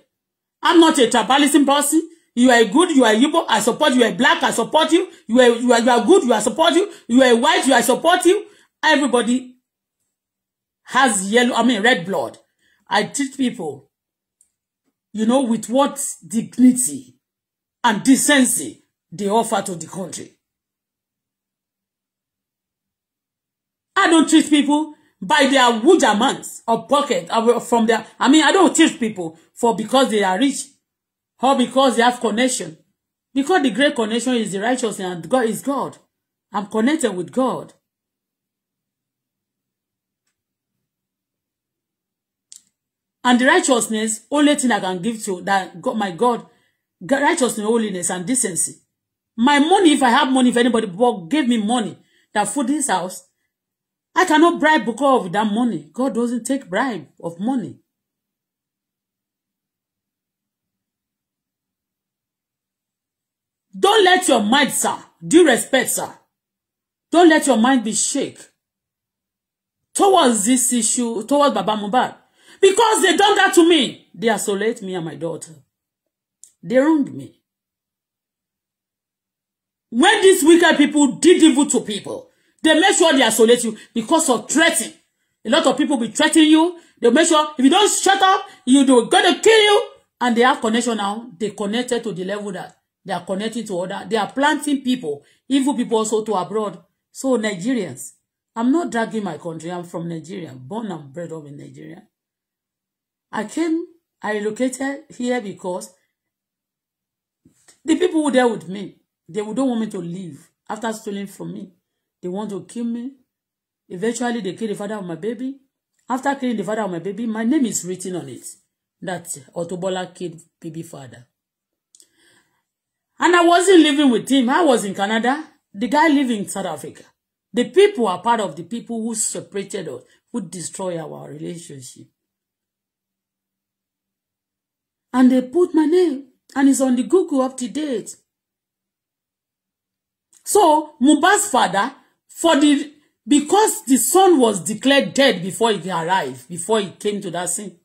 I'm not a tribalism person. You are good, you are Igbo, I support you. You are black, I support you. You are, you are, you are good, you are support you. You are white, you are support you. Everybody has yellow, I mean red blood. I teach people, you know, with what dignity and decency they offer to the country. I don't treat people by their wood amounts or pocket or from their, I mean, I don't teach people for because they are rich or because they have connection. Because the great connection is the righteousness and God is God. I'm connected with God. And the righteousness, only thing I can give to that God, my God, righteousness, holiness, and decency. My money, if I have money, if anybody gave me money that food this house, I cannot bribe because of that money. God doesn't take bribe of money. Don't let your mind, sir, due respect, sir, don't let your mind be shake towards this issue, towards Baba Mohbad. Because they done that to me. They isolate me and my daughter. They wronged me. When these wicked people did evil to people, they make sure they isolate you because of threatening. A lot of people be threatening you. They make sure if you don't shut up, you do gonna kill you. And they have connection now. They connected to the level that They are connecting to other. They are planting people, evil people also to abroad. So Nigerians, I'm not dragging my country. I'm from Nigeria, born and bred up in Nigeria. I came, I relocated here because the people who there with me, they would don't want me to leave after stealing from me. They want to kill me. Eventually, they kill the father of my baby. After killing the father of my baby, my name is written on it. That Auto Bola killed baby father. And I wasn't living with him. I was in Canada. The guy living in South Africa. The people are part of the people who separated us, who destroy our relationship. And they put my name. And it's on the Google up to date. So, Mubas' father, for the because the son was declared dead before he arrived, before he came to that scene,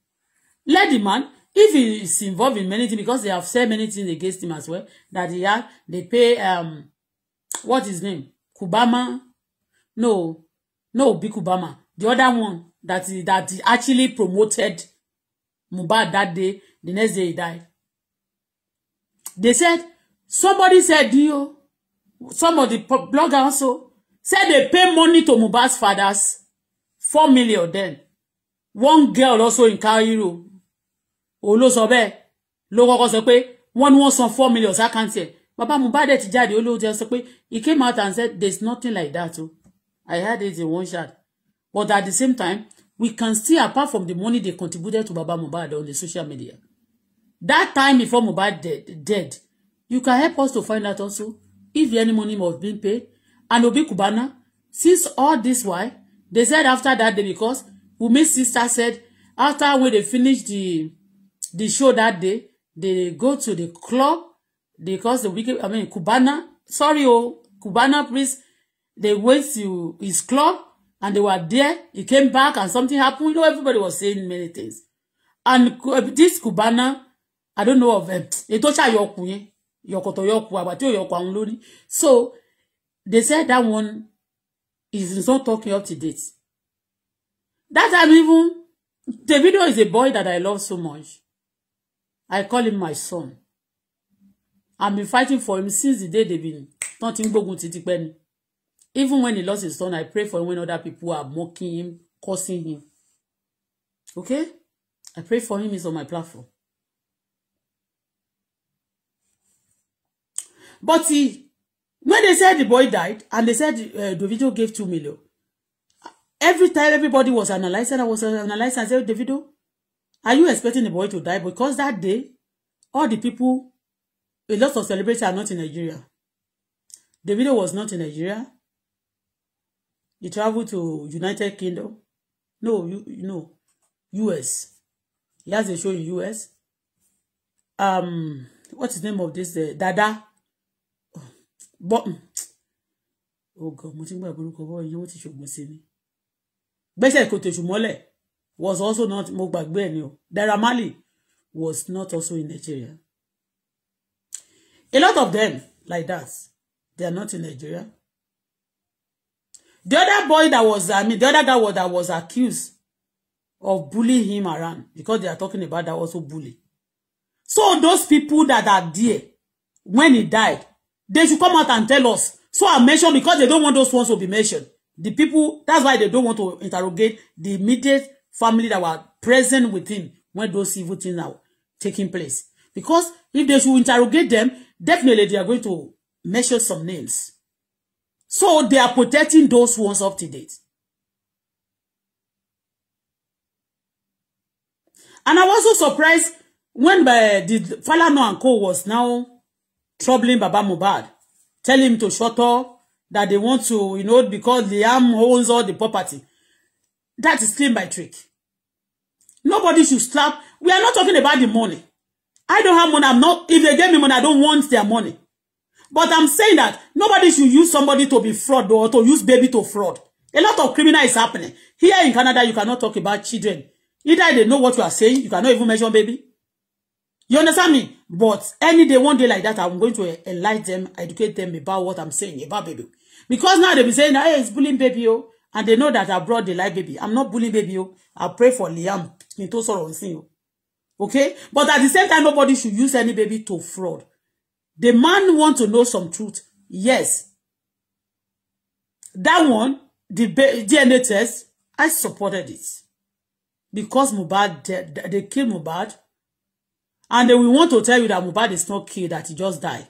let the man if he is involved in many things because they have said many things against him as well that he had they pay um what is his name Kubama no no Obi Kubama the other one that he, that he actually promoted Mubad that day the next day he died they said somebody said you some of the bloggers also said they pay money to Mubad's fathers four million then one girl also in Cairo òun ló sọ bẹ́ẹ̀ ló kọ́kọ́ sọ pé wọ́n ní wọ́n san four million sákàǹtì ẹ̀ bàbá Mohbad ti jáde ó lóun ti sọ he came out and said "There's nothing like that o oh. I heard it in one shot but at the same time we can see apart from the money they contributed to baba Mohbad on the social media that time before Mohbad dead, dead you can help us to find out also if any money was being paid and Obi Cubana since all this why they said after that day because Wunmi sister said after when they finished the the show that day they go to the club because the wicked i mean Kubana. sorry oh Kubana, priest they went to his club and they were there he came back and something happened you know everybody was saying many things and eh, this Kubana, i don't know of eh, ètò ṣàyọkù yẹn yọkọtọ yọkù àgbà tí ò yọkù àwọn lórí so they said that one is not talking up to date that time even the video is a boy that i love so much I call him my son. I've been fighting for him since the day they've been tán ti ń gbógun Even when he lost his son, I pray for him when other people are mocking him, cursing him. Okay? I pray for him, he's on my platform. But he, when they said the boy died, and they said uh, Davido gave two million, every time everybody was analyzing, I was analyzing, I said, oh, Davido, Are you expecting the boy to die? Because that day, all the people, a lot of celebrities are not in Nigeria. The video was not in Nigeria. He traveled to United Kingdom. No, you, you know, US. He has a show in US. Um, what's the name of this? Uh, Dada. Oh, but, mm, oh God, mo ti gbàgbọ́ orúkọ bọ́ọ̀ yẹn wọ́n ti ṣògbọ́n sí mi. Gbẹ́sẹ̀ kò tèṣù mọ́lẹ̀ was also not mo gbàgbé ẹ̀ ni o Naira was not also in Nigeria a lot of them like that they are not in Nigeria the other boy that was I mean the other guy was, that was accused of bullying him around because they are talking about that also bully so those people that are there when he died they should come out and tell us so I mentioned because they don't want those ones to be mentioned the people that's why they don't want to interrogate the immediate family that were present with him when those evil things are taking place. Because if they should interrogate them, definitely they are going to measure some nails. So they are protecting those ones up to date. And I was so surprised when uh, the Falano and Co was now troubling Baba Mubad, telling him to shut up, that they want to, you know, because Liam holds all the property. That is clean by trick. Nobody should slap. We are not talking about the money. I don't have money. I'm not. If they gave me money, I don't want their money. But I'm saying that nobody should use somebody to be fraud or to use baby to fraud. A lot of criminal is happening. Here in Canada, you cannot talk about children. Either they know what you are saying, you cannot even mention baby. You understand me? But any day, one day like that, I'm going to enlighten them, educate them about what I'm saying about baby. Because now they be saying, hey, it's bullying baby, oh. And they know that I brought the light baby. I'm not bullying baby, oh. I pray for Liam mi tó sọ̀rọ̀ nsìn o okay but at the same time nobody should use any baby to fraud the man want to know some truth yes that one the DNA test I supported it because Mohbad they, they killed Mohbad and they will want to tell you that Mohbad is not killed that he just died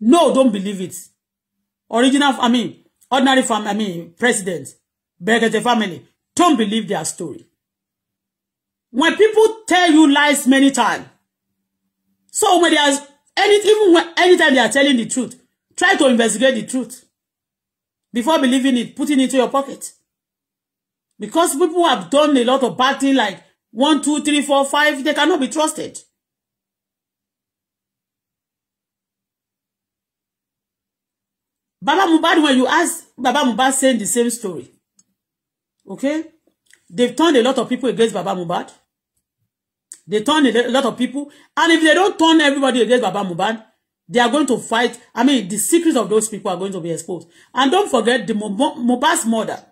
no don't believe it original I mean ordinary family I mean president Brekete family don't believe their story When people tell you lies many times, so when there's any even when anytime they are telling the truth, try to investigate the truth before believing it, putting it into your pocket. Because people have done a lot of bad things like one, two, three, four, five, they cannot be trusted. Baba Mubad when you ask Baba Mubad, saying the same story, okay? They've turned a lot of people against Baba Mubad. They turn a lot of people. And if they don't turn everybody against Baba Mohbad, they are going to fight. I mean, the secrets of those people are going to be exposed. And don't forget the Mubad's mother.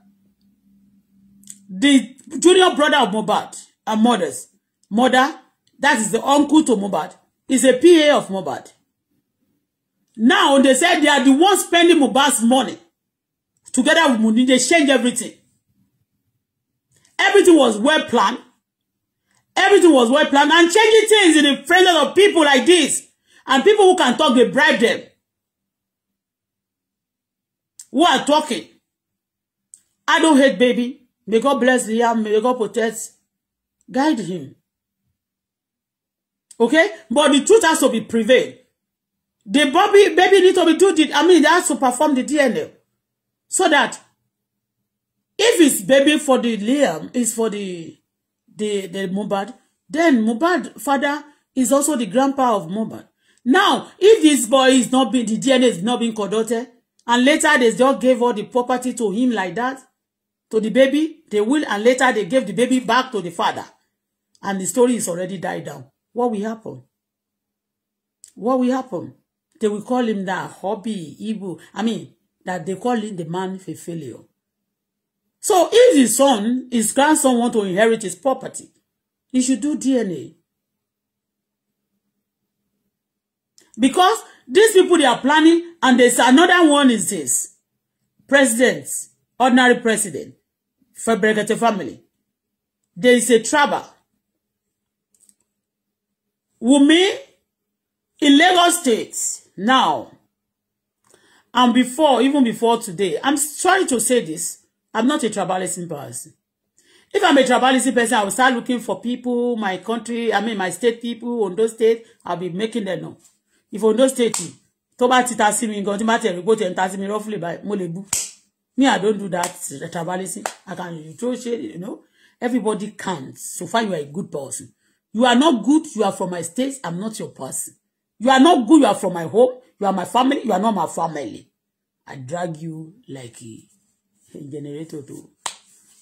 The junior brother of Mubad, a mothers. Mother, that is the uncle to Mubad. is a PA of Mubad. Now, they said they are the ones spending Mubad's money. Together with Muni, they change everything. Everything was well planned. Everything was well planned and changing things in the presence of people like this and people who can talk, they bribe them. Who are talking? I don't hate baby. May God bless Liam. May God protect, guide him. Okay? But the truth has to be prevailed. The baby, baby needs to be do the, I mean, they has to perform the DNA. So that if it's baby for the Liam, it's for the the the Mohbad. Then Mohbad father is also the grandpa of Mohbad. Now, if this boy is not being the DNA is not being conducted, and later they just gave all the property to him like that, to the baby, they will, and later they gave the baby back to the father, and the story is already died down. What will happen? What will happen? They will call him that hobby, evil I mean, that they call him the man for failure. So if his son, his grandson want to inherit his property, he should do DNA. Because these people they are planning, and there's another one is this. President, ordinary president, Fabregate family. There is a trouble. Wumi in Lagos State now, and before, even before today, I'm sorry to say this, I'm not a tribalism person. If I'm a tribalism person, I will start looking for people, my country, I mean my state people, On those state, I'll be making them know. If Ondo state, tó bá ti ta sí mi gan, tí bá ti ẹ̀rí bó ti roughly by molebu. Me, I don't do that tribalism. I can you you know. Everybody counts. So far, you are a good person. You are not good, you are from my state, I'm not your person. You are not good, you are from my home, you are my family, you are not my family. I drag you like a generator to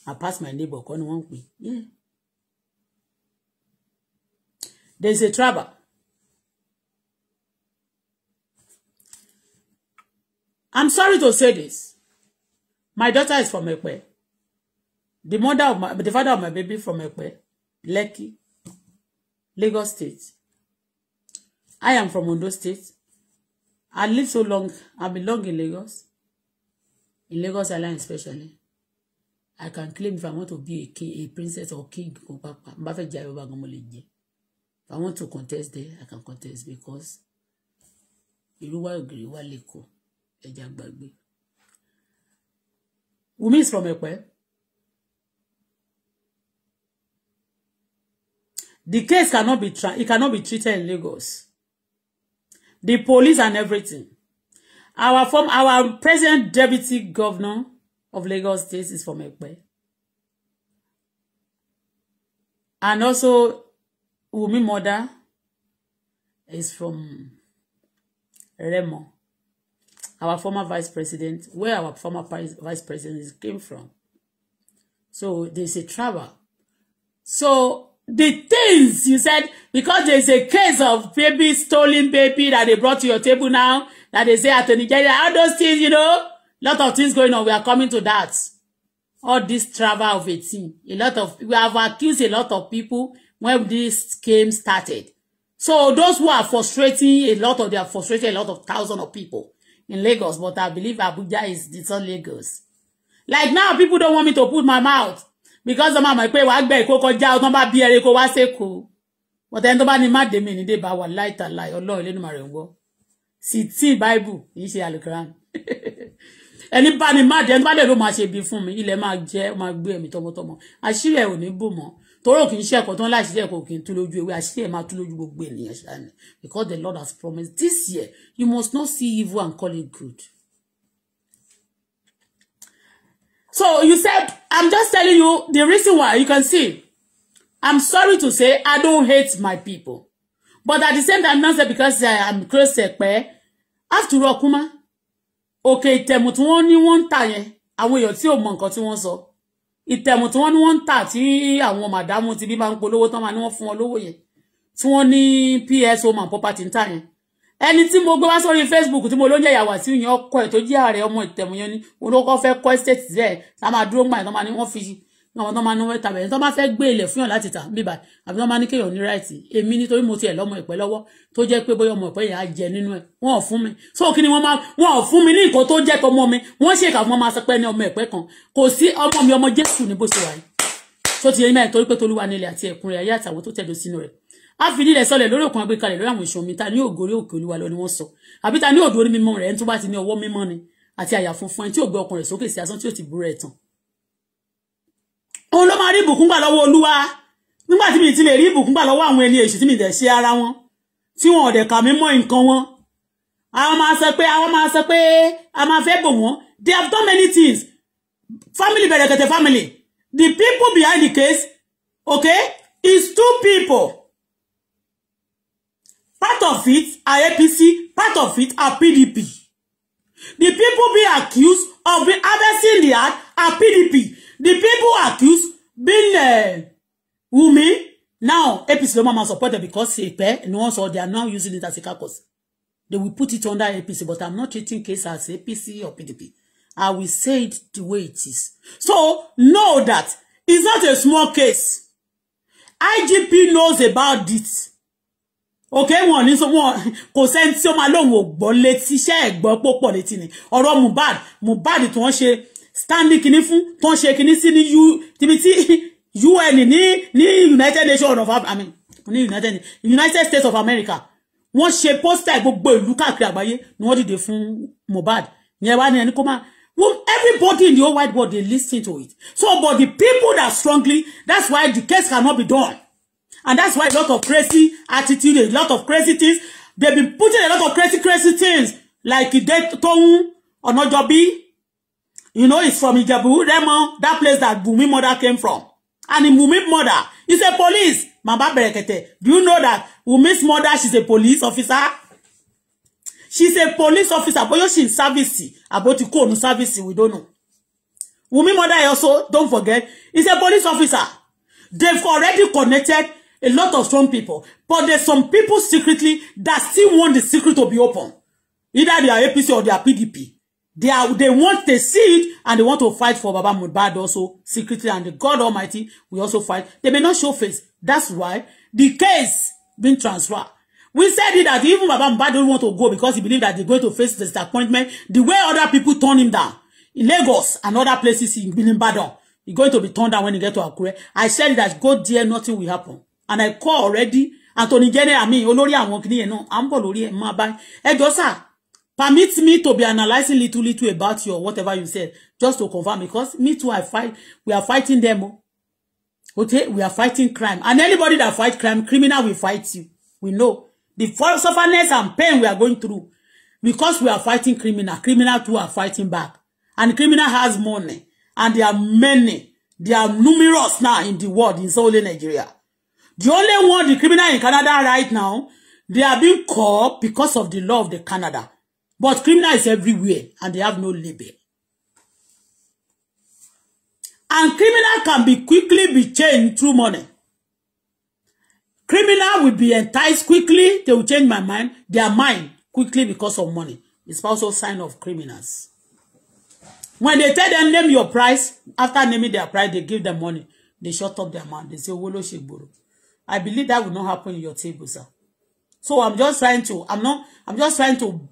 I pass my neighbor kọ́ ni wọ́n ń pè hmm. there is a travel I'm sorry to say this my daughter is from Epe the mother of my the father of my baby from Epe Lekki Lagos State I am from Ondo State I live so long I belong in Lagos in Lagos Island especially I can claim if I want to be a king a princess or king or papa if I want to contest there I can contest because irú wa ògiri wa lè kó ẹja gbàgbé Wumi is from Ẹ̀pẹ́. The case cannot be tra it cannot be treated in Lagos. The police and everything. Our form, our present deputy governor of Lagos State is from Ekpe. And also, Umi mother is from Remo. Our former vice president, where our former vice president came from. So there's a travel. So the things you said because there's a case of baby stolen baby that they brought to your table now that they say attorney general all those things you know lot of things going on we are coming to that all this travel of a thing a lot of we have accused a lot of people when this game started so those who are frustrating a lot of they are frustrating a lot of thousands of people in Lagos but I believe Abuja is the son Lagos like now people don't want me to put my mouth because ọmọ àmọ́ pé wàá gbẹ ìkó kọjá ọtán bá bí ẹrẹ kó wá séko wọ́n tẹ́ni tó bá ní má dé mi nídé bá wà láìta láì ọlọ́run lẹ́nu màrẹ̀ ń gbọ́ sì tí báìbù Bible. í ṣe alukuran ẹni bá ní má dé ẹni bá dé ló máa ṣe bí fún mi ilẹ̀ máa jẹ́ ó máa gbé ẹ̀mí tọmọtọmọ àṣírí ẹ̀ ò ní bù mọ́ tóró kì í ṣe ẹ̀kọ́ tó ń láṣìṣẹ́ ẹ̀kọ́ kì í tú lójú ewé àṣírí ẹ̀ máa tú lójú gbogbo ènìyàn ṣáà ni because the Lord has promised this year you must not see evil and call it good. So you said, I'm just telling you the reason why you can see. I'm sorry to say I don't hate my people. But at the same time, not because eh, I am close eh, pé. After all, Kuma, okay, ìtẹ̀mù tí wọ́n ní wọ́n ń tà yẹn, àwọn èèyàn tí ò mọ nǹkan tí wọ́n sọ. Ìtẹ̀mù tí wọ́n ní wọ́n ń tà tí àwọn màdámù ti bí máa ń PSO man property ń tà ẹni tí mo gbé wá sórí facebook tí mo ló ń jẹ ìyàwó àti ìyàn ọkọ ẹ tó jẹ ààrẹ ọmọ ìtẹ̀múyán ni òun ló kọ́ fẹ́ kọ́ estate rẹ̀ tá a máa dúró gbà tó máa ní wọ́n fi àwọn tó máa ní wọ́n ta bẹ̀rẹ̀ tó máa fẹ́ gbé ilẹ̀ fún yàn láti tà bíbà àbí tó máa ní kéèyàn ní ráìtì èmi nítorí mo tiẹ̀ lọ́mọ ìpẹ́ lọ́wọ́ tó jẹ́ pé bóyá ọmọ ìpẹ́ yẹn á jẹ nínú ẹ̀ wọ́n ò fún mi so kí ni wọ́n máa wọ́n ò fún mi ní nǹkan tó jẹ́ tọmọ mi wọ́n ṣèkà fún ọmọ asọpẹ́ ní ọmọ ìpẹ́ kan kò sí ọmọ mi ọmọ jésù ní bó ṣe wà yìí tó ti yẹ a fi nílẹ̀ sọlẹ̀ lórí òkun àgbékalẹ̀ lórí àwọn ìṣàn mi ta ní ògórí òkè olúwa lọ ni wọ́n sọ àbí ta ní òdò orí mímọ́ rẹ̀ ẹni tó bá ti ní ọwọ́ mímọ́ ni àti àyà funfun ẹni tí ò gbé ọkàn rẹ̀ sókè sí asán tí ò ti burú ẹ̀ tán. òun ló máa rí ìbùkún gbà lọ́wọ́ olúwa nígbà tí mi ti lè rí ìbùkún gbà lọ́wọ́ àwọn ẹni èṣù tí mi dẹ̀ ṣe ara wọn tí wọn ọ̀dẹ̀ kà mí mọ́ nǹkan wọn àwọn máa sọ pé àwọn máa sọ pé a máa fẹ́ bò wọ́n they have done many things family bẹ̀rẹ̀ kẹ̀tẹ̀ family the people behind the case okay is two people Part of it are APC, part of it are PDP. The people being accused of being harvesting the earth are PDP. The people accused being uh, Wumi. Now, APC no mama support them because Sepe, no one saw they are now using it as a caucus. They will put it under APC, but I'm not treating case as APC or PDP. I will say it the way it is. So, know that it's not a small case. IGP knows about this òkè wọn ní wọn kò sẹ́ni tí ó máa lóun ò gbọ́ létí iṣẹ́ ẹ̀gbọ́ púpọ̀ létí ni ọ̀rọ̀ Mohbad Mohbad tí wọ́n ṣe standing kinní fún tí wọ́n ṣe kinní sí ní tibi tí UN ní ní United Nations of I mean ní United United States of America wọ́n ṣe poster gbogbo ìlú káàkiri àgbáyé ni wọ́n dìde fún Mohbad yẹn wá ní ẹni kó máa everybody in the whole wide world, they listen to it. So, but the people that strongly, that's why the case cannot be done. And that's why a lot of crazy attitude, a lot of crazy things. They've been putting a lot of crazy, crazy things. Like dead that or Onojobi. You know, it's from Ijabu, Remo, that place that Bumi mother came from. And in Bumi's mother, he's a police. Mama Berekete, do you know that Bumi's mother, she's a police officer? She's a police officer, but she's in service. About to call no service, we don't know. Bumi's mother also, don't forget, is a police officer. They've already connected a lot of strong people. But there's some people secretly that still want the secret to be open. Either they are APC or they are PDP. They are they want to see it and they want to fight for Baba Mubad also secretly and the God Almighty will also fight. They may not show face. That's why the case being transferred. We said it that even Baba Mubad don't want to go because he believed that they're going to face disappointment the way other people turn him down. In Lagos and other places in Ibadan, he's going to be turned down when he get to Akure. I said that go there, nothing will happen and I call already Anthony General mi olórí àwọn kìnìyàn náà à ń bọ̀ lórí ẹ̀ máa bá ẹ sir permit me to be analyzing little little about you whatever you said just to confirm because me too I fight we are fighting them oh. okay we are fighting crime and anybody that fight crime criminal will fight you we know the sufferness and pain we are going through because we are fighting criminal criminal too are fighting back and criminal has money and there are many there are numerous now in the world in solely Nigeria The only one, the criminal in Canada right now, they are being caught because of the law of the Canada. But criminal is everywhere and they have no label. And criminal can be quickly be changed through money. Criminal will be enticed quickly. They will change my mind, their mind quickly because of money. It's also sign of criminals. When they tell them name your price, after naming their price, they give them money. They shut up their mouth. They say, "Wolo ló I believe that will not happen in your table, sir. So I'm just trying to, I'm not, I'm just trying to,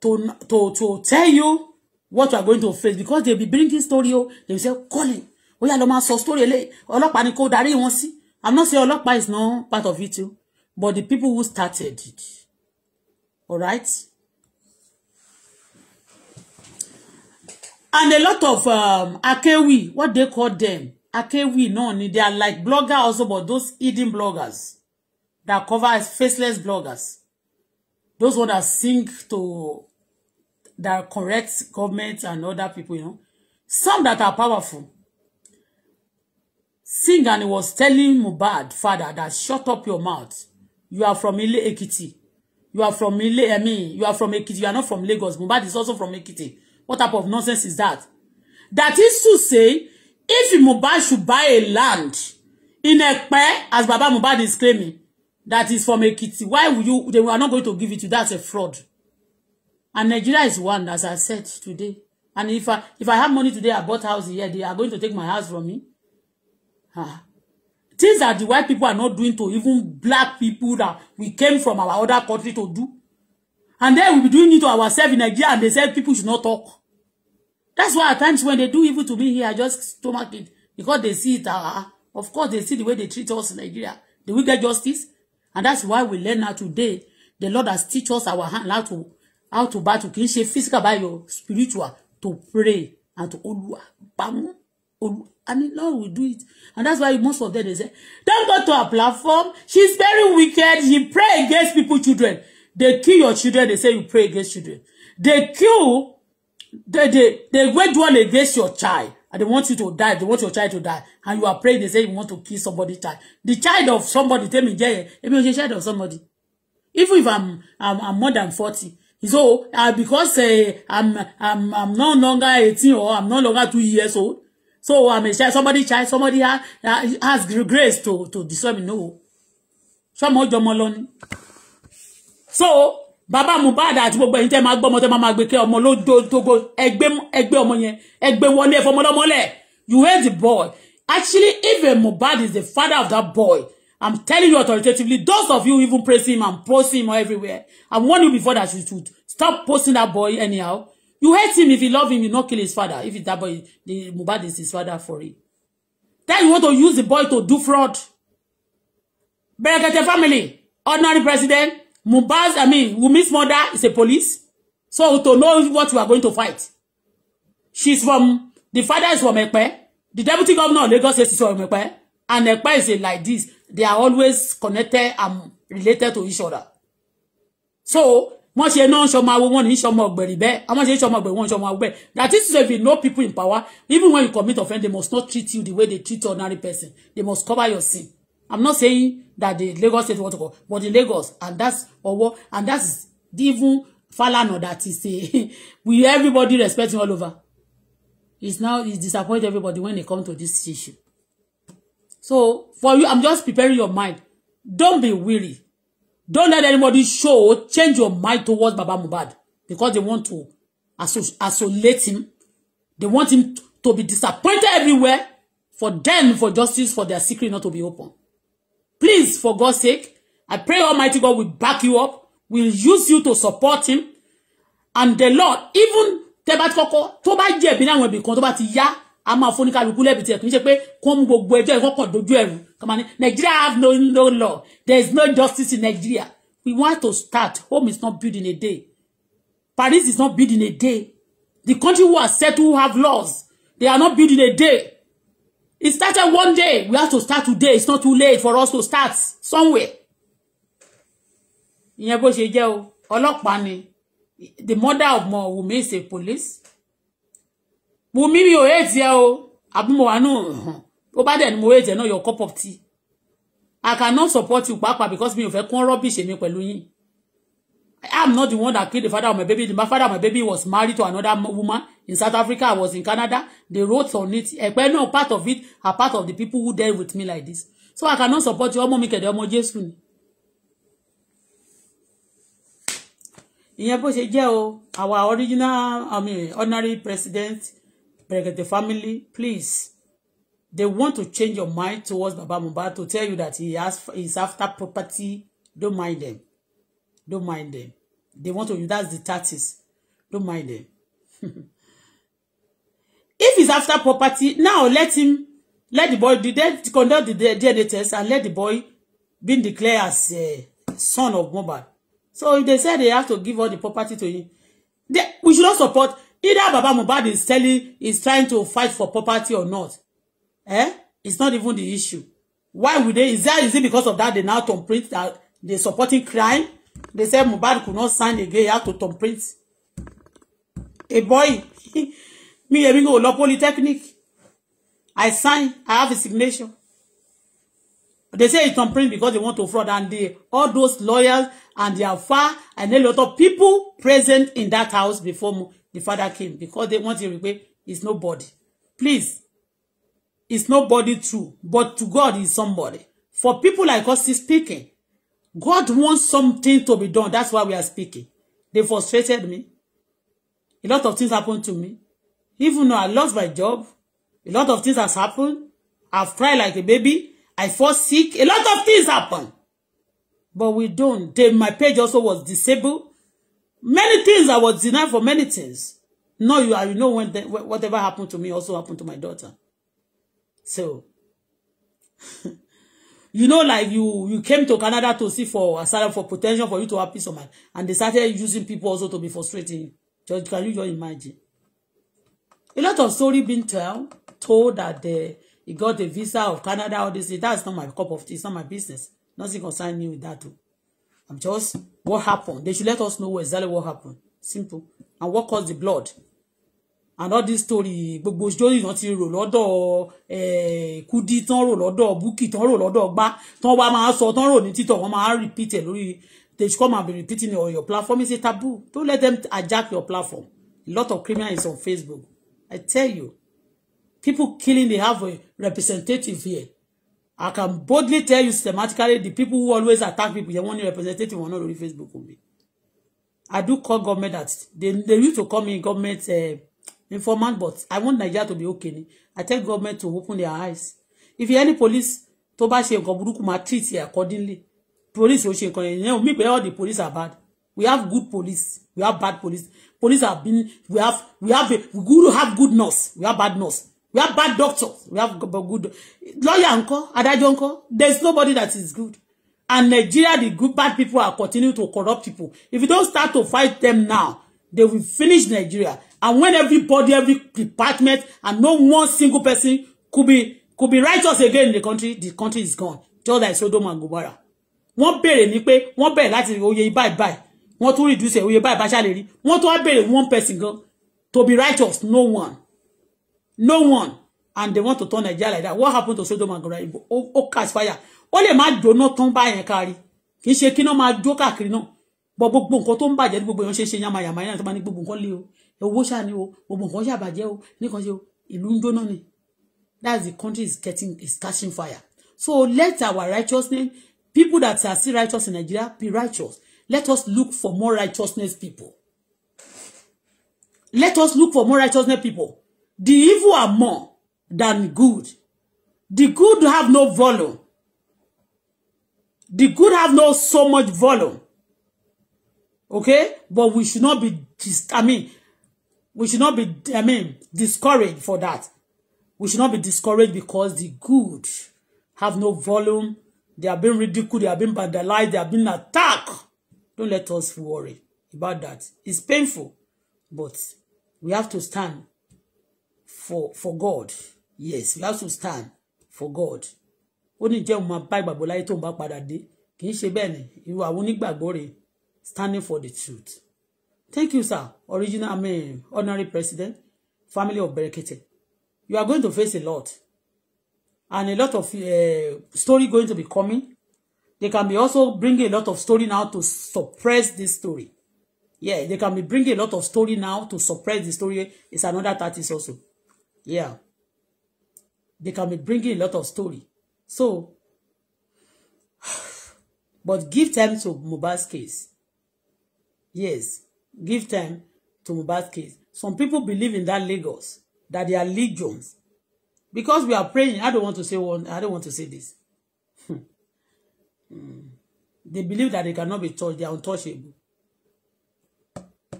to, to, to tell you what you are going to face because they'll be bringing story, oh. they say, Colin, oya lọ máa so story eléyìí, ọlọ́pàá ni kó darí wọn sí. I'm not saying ọlọ́pàá is not part of it too, oh. but the people who started it. All right? And a lot of um, Akewi, what they call them, Akewi náà ni they are like bloggers also but those hidden bloggers that cover as faceless bloggers those ones that sing to that correct government and other people you know some that are powerful sing and he was telling Mubad, father that shut up your mouth you are from Ile Ekiti you are from Ile Emi. you are from Ekiti you are not from Lagos Mubad is also from Ekiti what type of nonsense is that that is to say If Mohbad should buy a land in a Epe, as Baba Mohbad is claiming, that is from Ekiti, why will you, they are not going to give it to you, that's a fraud. And Nigeria is one, as I said today. And if I, if I have money today, I bought house here, they are going to take my house from me. Ah. Things that the white people are not doing to even black people that we came from our other country to do. And then we'll be doing it to ourselves in Nigeria, and they said people should not talk. That's why at times when they do evil to me here, I just stomach it because they see it. Uh, of course, they see the way they treat us in Nigeria. Do we get justice? And that's why we learn now today. The Lord has teach us our hand how to how to battle. Kì í physical by your spiritual to pray and to olua. Bam, Olúwa. And the Lord will do it. And that's why most of them they say, don't go to a platform. She's very wicked. She pray against people, children. They kill your children. They say you pray against children. They kill they they they wage war against your child and they want you to die they want your child to die and you are praying they say you want to kill somebody child the child of somebody tell me yeah, ebi o child of somebody even if i'm i'm, I'm more than forty so uh, because uh, i'm i'm i'm no longer eighteen or i'm no longer two years old so i'm a child somebody child somebody ha, ha, has grace to to destroy me no so ọjọ ọmọ so bàbá Mohbad àti gbogbo ẹ̀yin tẹ́ máa gbọ́ ọmọ tẹ́ máa gbé kẹ́ ọmọ lójó tógo ẹgbẹ́ ọmọ yẹn ẹgbẹ́ wọlé ẹfọmọlọmọlẹ̀ you hate the boy actually even Mohbad is the father of that boy i'm telling you authoritatively those of you even praise him and post him everywhere i warn you before that you should stop posting that boy anyhow you hate him if you love him you no kill his father if that boy the Mohbad is his father for him then you want to use the boy to do fraud Brekete family ordinary president Mubaz, I mean, Wumi's mother is a police. So to know what we are going to fight. She's from, the father is from Ekpe. The deputy governor of Lagos State is from Ekpe. And Ekpe is like this. They are always connected and related to each other. So, wọ́n ṣe náà ṣọmọ awo wọ́n ní ṣọmọ I want àwọn ṣe ṣọmọ ọ̀gbẹ̀rì wọ́n ṣọmọ awo bẹ́ẹ̀ that is if you know people in power even when you commit offense they must not treat you the way they treat ordinary person they must cover your sin I'm not saying that the Lagos State Water Corp, but the Lagos and that's Owo and that's even Falana that is say, we everybody respecting all over. It's now it's disappoint everybody when they come to this issue. So for you, I'm just preparing your mind. Don't be weary. Don't let anybody show change your mind towards Baba Mubad because they want to isolate him. They want him to be disappointed everywhere for them for justice for their secret not to be open. Please, for God's sake, I pray Almighty God will back you up, will use you to support him. And the Lord, even tẹ́ bá Toba kọ́kọ́, tó bá jẹ̀bi ní àwọn ibì kan tó bá ti yá, a máa fún oníkálukú lẹ́bi tiẹ̀ kì í ṣe pé kó mú gbogbo ẹjọ́ ìkọ́kọ̀ dojú ẹ̀rù. Kàmá Nigeria have no, no law. There is no justice in Nigeria. We want to start. Home is not built in a day. Paris is not built in a day. The country who are set to have laws, they are not built in a day. It started one day. We have to start today. It's not too late for us to start somewhere. Ìyẹn bó ṣe jẹ́ o. Ọlọ́pàá ni. The mother of Mo Wumi is a police. Wumi mi ò hate ẹ o. Àbí mo wà nù. Ó bá dẹ̀ ni mo hate ẹ your cup of tea. I cannot support you Papa, because mi ò fẹ́ kún rubbish mi pẹ̀lú yín. I'm not the one that killed the father of my baby. My father of my baby was married to another woman in South Africa. I was in Canada. They wrote on it. Ẹ̀pẹ́ eh, no part of it are part of the people who dealt with me like this. So I cannot support you. Ọmọ mi kẹ̀dẹ̀ ọmọ Jésù ni. our original, I mean, honorary president, the family, please. They want to change your mind towards Baba Mumba to tell you that he has, he's after property. Don't mind them. Don't mind them. They want to that's the tactics. Don't mind them. if he's after property, now let him let the boy do that conduct the DNA test and let the boy be declared as uh, son of Mohbad. So if they say they have to give all the property to him, they, we should not support either Baba Mubad is telling is trying to fight for property or not. Eh? It's not even the issue. Why would they? Is that is it because of that they now complete that they're supporting crime? They said Mohbad could not sign again. He had to thumbprint. A boy, me, having go law polytechnic. I sign. I have a signature. They say it's thumbprint because they want to fraud. And they, all those lawyers and their far and a lot of people present in that house before the father came because they want to repay. It's nobody. Please. It's nobody true. But to God, is somebody. For people like us is speaking, God wants something to be done. That's why we are speaking. They frustrated me. A lot of things happened to me. Even though I lost my job, a lot of things has happened. I've cried like a baby. I fall sick. A lot of things happen. But we don't. They, my page also was disabled. Many things I was denied for many things. No, you are, you know, when the, whatever happened to me also happened to my daughter. So, you know like you you came to Canada to see for asylum for potential for you to have peace of mind and they started using people also to be frustrating just can you just imagine a lot of story being tell told that they he got a visa of Canada or this that's not my cup of tea it's not my business nothing concerning me with that too oh. I'm just what happened they should let us know exactly what happened simple and what caused the blood and all this story gbogbo story náà ti rò lọ́dọ̀ eh, Kudi tán rò lọ́dọ̀ Bukky tán rò lọ́dọ̀ gbá tán wá máa sọ tán rò ní títọ̀ wọ́n máa repeat ẹ̀ lórí they should come and be repeating on your platform is a taboo don't let them hijack your platform a lot of criminal is on Facebook I tell you people killing they have a representative here I can boldly tell you systematically the people who always attack people they want a representative on not only Facebook only I do call government that they they used to call me government. Uh, informant but i want Nigeria to be okay ni i tell government to open their eyes if you any police tó bá ṣe nǹkan burúkú máa treat it accordingly police ò ṣe nǹkan yẹn yẹn omi pé all the police are bad we have good police we have bad police police have been we have we have a, we good have good nurse we have bad nurse we have bad doctor. we have good lawyer uncle. adájọ́ uncle. there is nobody that is good and Nigeria the good bad people are continue to corrupt people if you don't start to fight them now they will finish Nigeria And when everybody, every department, and no one single person could be could be righteous again in the country, the country is gone. Just like Sodom and Gomorrah. Wọ́n béèrè ní pé wọ́n bẹ̀rẹ̀ láti oyè báyìí báyìí. Wọ́n tún reduce oyè báyìí báyìí ṣáà rí. Wọ́n tún wá béèrè one person gan. To be righteous, no one. No one. And they want to turn Nigeria like that. What happened to Sodom and Gomorrah? Ó catch fire. Ó lè má jóná tán báyẹn kárí. Kì í ṣe kí náà máa jó káàkiri náà. Bọ̀ gbogbo nǹkan tó ń bàjẹ́ ní gbogbo èèyàn ṣe ṣe yamayama yẹn tó bá ní gbogbo nǹkan lé o owó ṣáà ni o gbogbo nǹkan ṣàbàjẹ́ o nìkan ṣe o ìlú ń jóná ni that's the country is getting is catching fire so let our righteousness people that are still righteous in Nigeria be righteous let us look for more righteousness people let us look for more righteousness people the evil are more than good the good have no volume the good have not so much volume okay but we should not be just i mean we should not be, I mean, discouraged for that. We should not be discouraged because the good have no volume. They are being ridiculed. They are being vandalized. They are being attacked. Don't let us worry about that. It's painful, but we have to stand for for God. Yes, we have to stand for God. Ó ní jẹ́ òun máa bá ìgbàgbọ́ láyé tóun bá padà dé. standing for the truth. Thank you, sir, original, I mean, honorary president, family of Berekete. You are going to face a lot. And a lot of uh, story going to be coming. They can be also bringing a lot of story now to suppress this story. Yeah, they can be bringing a lot of story now to suppress the story. It's another tactic also. Yeah. They can be bringing a lot of story. So, but give time to Mohbad's case. Yes give time to Mohbad's case. Some people believe in that Lagos, that they are legions. Because we are praying, I don't want to say one, I don't want to say this. Hmm. Hmm. They believe that they cannot be touched, they are untouchable.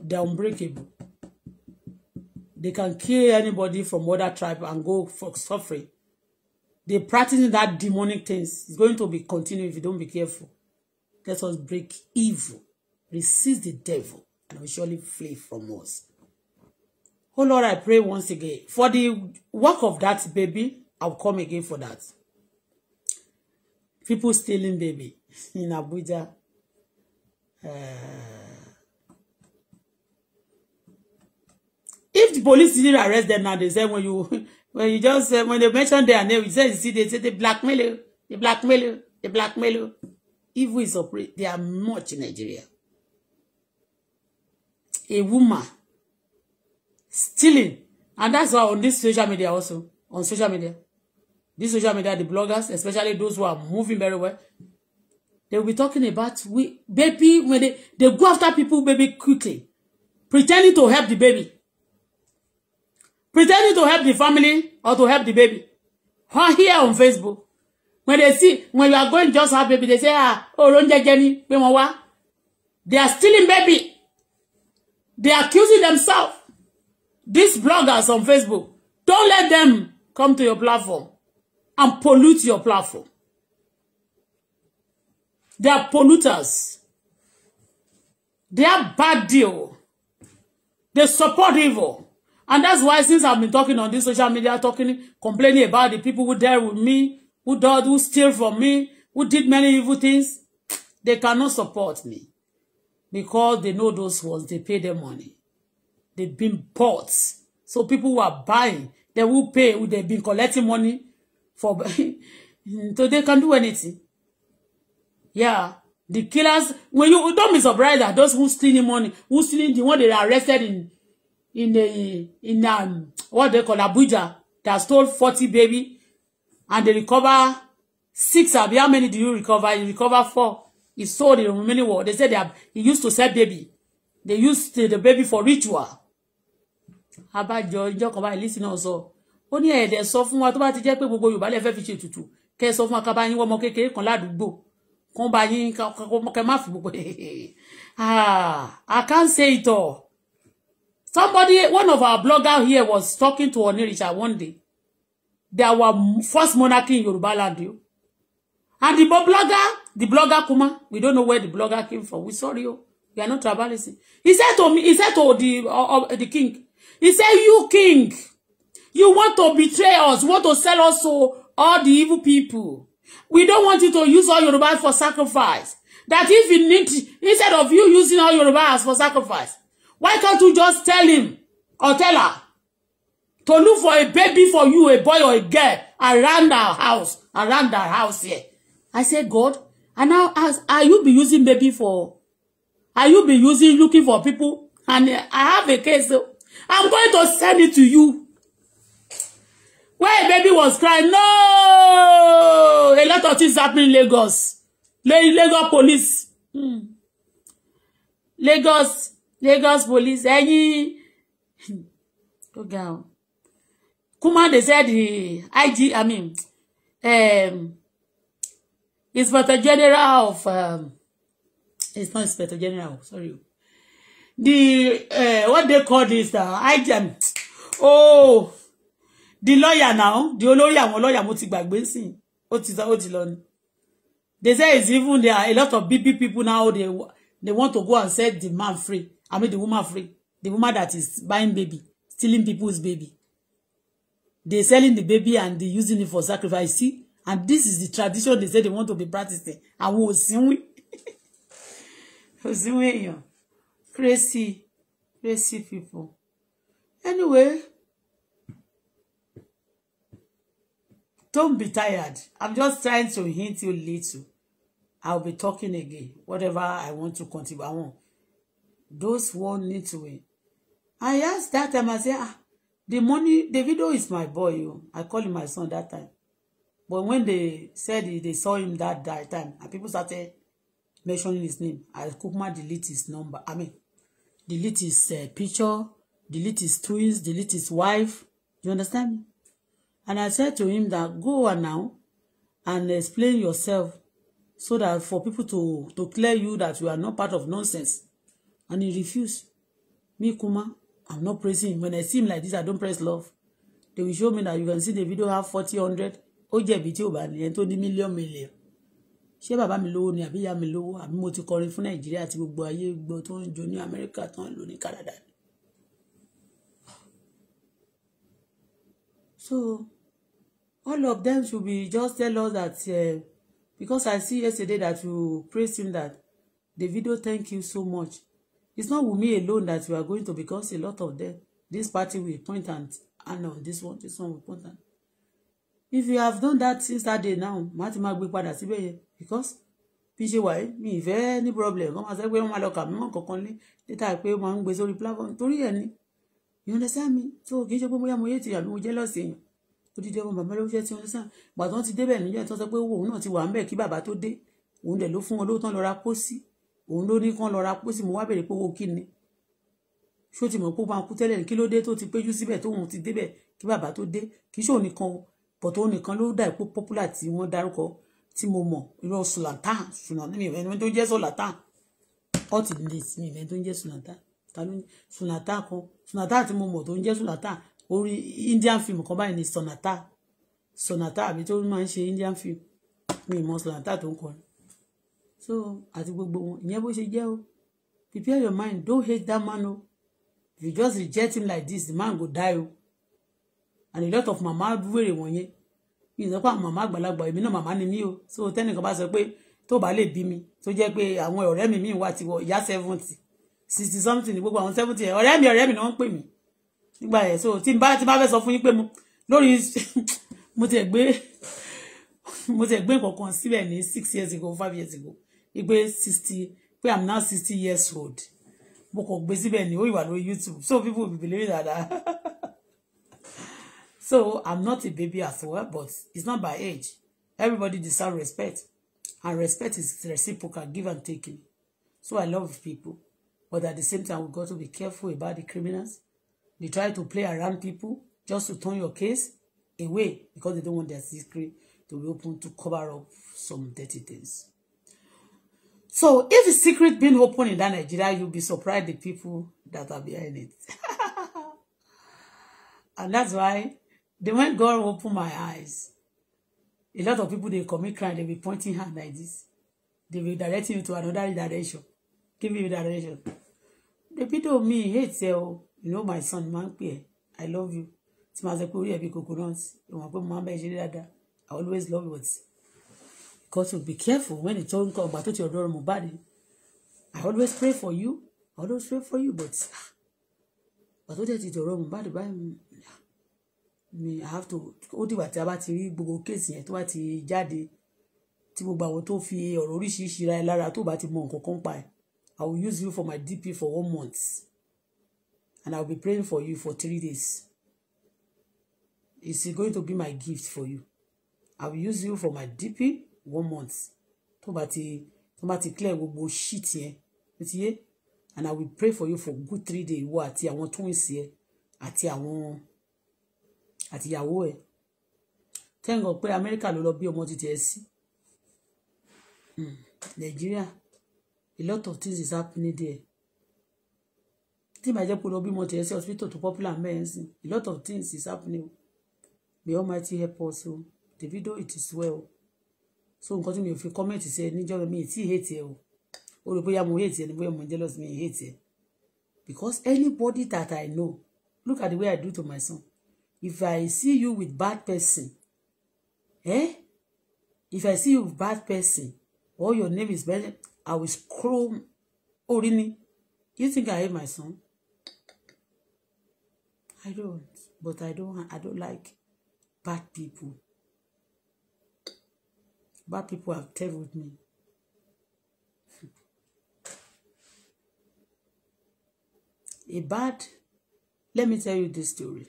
They are unbreakable. They can kill anybody from other tribe and go for suffering. They practicing that demonic things. It's going to be continued if you don't be careful. Let us break evil. Resist the devil and will surely flee from us. Oh Lord, I pray once again for the work of that baby. I'll come again for that. People stealing baby in Abuja. Uh, if the police didn't arrest them now, they say when you when you just uh, when they mention their name, you say you see they say they blackmail you, they blackmail you, they blackmail you. Evil is operate. They are much in Nigeria a woman stealing and that's why on this social media also on social media this social media the bloggers especially those who are moving very well they will be talking about we baby when they they go after people baby quickly pretending to help the baby pretending to help the family or to help the baby or here on Facebook when they see when you are going just have baby they say ah oh oúnjẹ jẹ ni pé they are stealing baby They are accusing themselves. These bloggers on Facebook, don't let them come to your platform and pollute your platform. They are polluters. They are bad deal. They support evil. And that's why since I've been talking on this social media, talking, complaining about the people who dare with me, who did, who steal from me, who did many evil things, they cannot support me because they know those ones they pay their money they've been bought so people who are buying they will pay they've been collecting money for so they can do anything yeah the killers when you don't be surprised that those who stealing money who stealing the one they arrested in in the in um what they call Abuja that stole 40 baby and they recover six abi how many do you recover you recover four He sold the remaining one. They said they have, he used to sell baby. They used the, baby for ritual. Abájọ ìjọ kan báyìí lísìn náà sọ. Ó ní ẹ̀ẹ́dẹ̀ sọ fún wa tó bá ti jẹ́ pé gbogbo Yorùbá lè fẹ́ fi ṣe ètùtù. Kẹ́ ẹ sọ fún wa ká bá yín wọ́mọ kékeré kan ládùúgbò. Kán bá yín kẹ́ má fi gbogbo. Ah, I can't say it all. Somebody, one of our bloggers here was talking to Oniricha one day. There were first monarchy in Yoruba land. And the blogger The blogger Kuma, we don't know where the blogger came from. We sorry, oh, we are not tribalism. He said to me, he said to the uh, uh, the king, he said, you king, you want to betray us, want to sell us to all the evil people. We don't want you to use all your Yoruba for sacrifice. That if you need, instead of you using all your Yoruba for sacrifice, why can't you just tell him or tell her to look for a baby for you, a boy or a girl around our house, around our house here? I said, God, And now as are you be using baby for, are you be using, looking for people? And I have a case. I'm going to send it to you. Where baby was crying, no! A lot of things happen in Lagos. Lagos police. Hmm. Lagos, Lagos police, Any? Go girl. Kuma, they said the IG, I mean, um, Inspector General of um, it's not Inspector General, sorry. The uh, what they call this uh, item. Oh, the lawyer now, the lawyer, àwọn lawyer mo ti gbàgbé What is that? sọ ó ti They say it's even there are a lot of BP people now they they want to go and set the man free. I mean the woman free. The woman that is buying baby, stealing people's baby. They selling the baby and they using it for sacrifice. See, and this is the tradition they say they want to be practicing àwọn òsínwí òsínwí èèyàn crazy crazy people anyway don't be tired i'm just trying to hint you little i'll be talking again whatever i want to continue i want those who need to win i asked that time i say ah the money The video is my boy o oh. i call him my son that time But when they said it, they saw him that, that time, and people started mentioning his name, I Kukuma delete his number. I mean, delete his uh, picture, delete his twins, delete his wife. You understand me? And I said to him that go on now and explain yourself so that for people to, to clear you that you are not part of nonsense. And he refused. Me, Kuma, I'm not praising him. When I see him like this, I don't praise love. They will show me that you can see the video have 40, 100 ó jẹ̀bi tí ò bá nìyẹn tó ní mílíọ̀nù mílíọ̀nù ṣé bàbá mi lówó ni àbí ìyá mi lówó àbí mo ti kọrin fún nàìjíríà àti gbogbo ayé gbọ́ tó ń jó ní amẹ́ríkà tó ń lò ní kánádà ni. so all of them should be just tell us that uh, because i see yesterday that you praise him that davido thank you so much it's not wunmi alone that you are going to because a lot of them this party will point and hand on this one this one will point and if you have done that since that day now màá ti máa gbé padà síbẹ̀ yẹn because bí ṣe wà mi ìfẹ́ ní problem wọ́n máa sọ pé wọ́n máa lọ kà mí mọ́ kankan lé data pé wọ́n máa ń gbé sórí platform torí ẹ̀ ni you understand me so kì í ṣe pé bóyá mo yé ti àbí mo jẹ́ lọ́sìn èèyàn ó ti dé ọmọ bàbá lóṣẹ́ tí wọ́n sàn gbà tí wọ́n ti débẹ̀ níjọ́ tí wọ́n sọ pé òun náà ti wà ń bẹ̀ kí bàbá tó dé òun dẹ̀ ló fún wọn lóòótọ́ lọ ra pósí òun ló ní kán lọ ra pósí mo wá bèrè pé owó kí ni ṣó ti mọ̀ pé ó máa kú tẹ́lẹ̀ kí ló dé tó ti péjú síbẹ̀ tóun ti débẹ̀ kí bàbá tó dé kì í ṣòun nìkan but òun nìkan ló dà ipò popular tí wọ́n dárúkọ tí mo mọ̀ irú sulatan ṣùnà ní ìrẹ́ni tó ń jẹ́ sulatan all the list ní ìrẹ́ni tó ń jẹ́ sulatan sulatan kan sulatan tí mo mọ̀ tó ń jẹ́ sulatan orí indian film kan báyìí ni sonata sonata àbí tó máa ń ṣe indian film mi ìmọ̀ sonata tó ń kọrin so àti gbogbo wọn ìyẹn bó ṣe jẹ́ o prepare your mind don't hate that man o if you just reject him like this the man go die o and a lot of màmá wèrè wọ̀nyẹn mi sọ pé àwọn màmá àgbàlagbà èmi náà màmá ni mí o so tẹ́nìkan bá sọ pé tó bá lè bí mi tó jẹ́ pé àwọn ọ̀rẹ́ mi míì wà tiwọ ìyá seventy sixty something ni gbogbo àwọn seventy yẹn ọ̀rẹ́ mi ọ̀rẹ́ mi ni wọ́n ń pè mí nígbà yẹn so tí n bá ti bá fẹ́ sọ fún yín pé mo lórí mo tẹ̀ gbé mo tẹ̀ gbé nǹkan síbẹ̀ ní six years ago five years ago I ìgbé sixty pé i'm now sixty years old mo kàn gbé síbẹ̀ ní ó ìwà lórí youtube so people will be believing that So I'm not a baby as well, but it's not by age. Everybody deserves respect. And respect is reciprocal, give and taking. So I love people. But at the same time, we've got to be careful about the criminals. They try to play around people just to turn your case away because they don't want their secret to be open to cover up some dirty things. So if a secret being open in that Nigeria, you'll be surprised the people that are behind it. and that's why Then when God opened my eyes, a lot of people they commit crime, they be pointing hand like this. They be directing you to another direction. Give you direction. The people of me hate say, oh, you know my son, man, I love you. Tí ma sọ pé orí ẹbí coconut, ìwọ̀n pé mo máa ń I always love you. because you be careful when the tongue comes back to your door, Mohbad. I always pray for you. I always pray for you, but ah, but ó dẹ̀ ti dọ̀rọ̀ Mohbad báyìí ni i have to ó dìgbà tí a bá ti rí gbogbo kéèsì yẹn tó bá ti jáde tí gbogbo àwọn tó fi ọ̀rọ̀ oríṣiríṣi ra ẹ lára tó bá ti mọ nǹkan kan pa ẹ̀ I will use you for my DP for one month and I will be praying for you for three days it's going to be my gift for you I will use you for my DP one month tó bá ti tó bá ti clear gbogbo shit yẹn ó ti yé and I will pray for you for good three days wo àti àwọn twins yẹn àti àwọn àti ìyàwó ẹ̀ tẹ́ǹgàn pé amẹ́ríkà ló lọ bí ọmọ ti tiẹ̀ sí hmm, nàìjíríà a lot of things is happening there tí ìbàjẹ́ pé lọ bí ọmọ tiẹ̀ sí hospital tó popular mẹ́rin a lot of things is happening may almighty help us o the video it is well so nǹkan tí mi ò fi comment sí ẹ níjọ́ mi ì tí ì hate ẹ o ó rò bóyá mo hate ẹ ni bóyá mo jealous mi hate ẹ because anybody that I know look at the way I do to my son if I see you with bad person eh if I see you with bad person or your name is bad I will scroll Orini, you think I hate my son I don't but I don't I don't like bad people bad people have terrified me. A bad, let me tell you this story.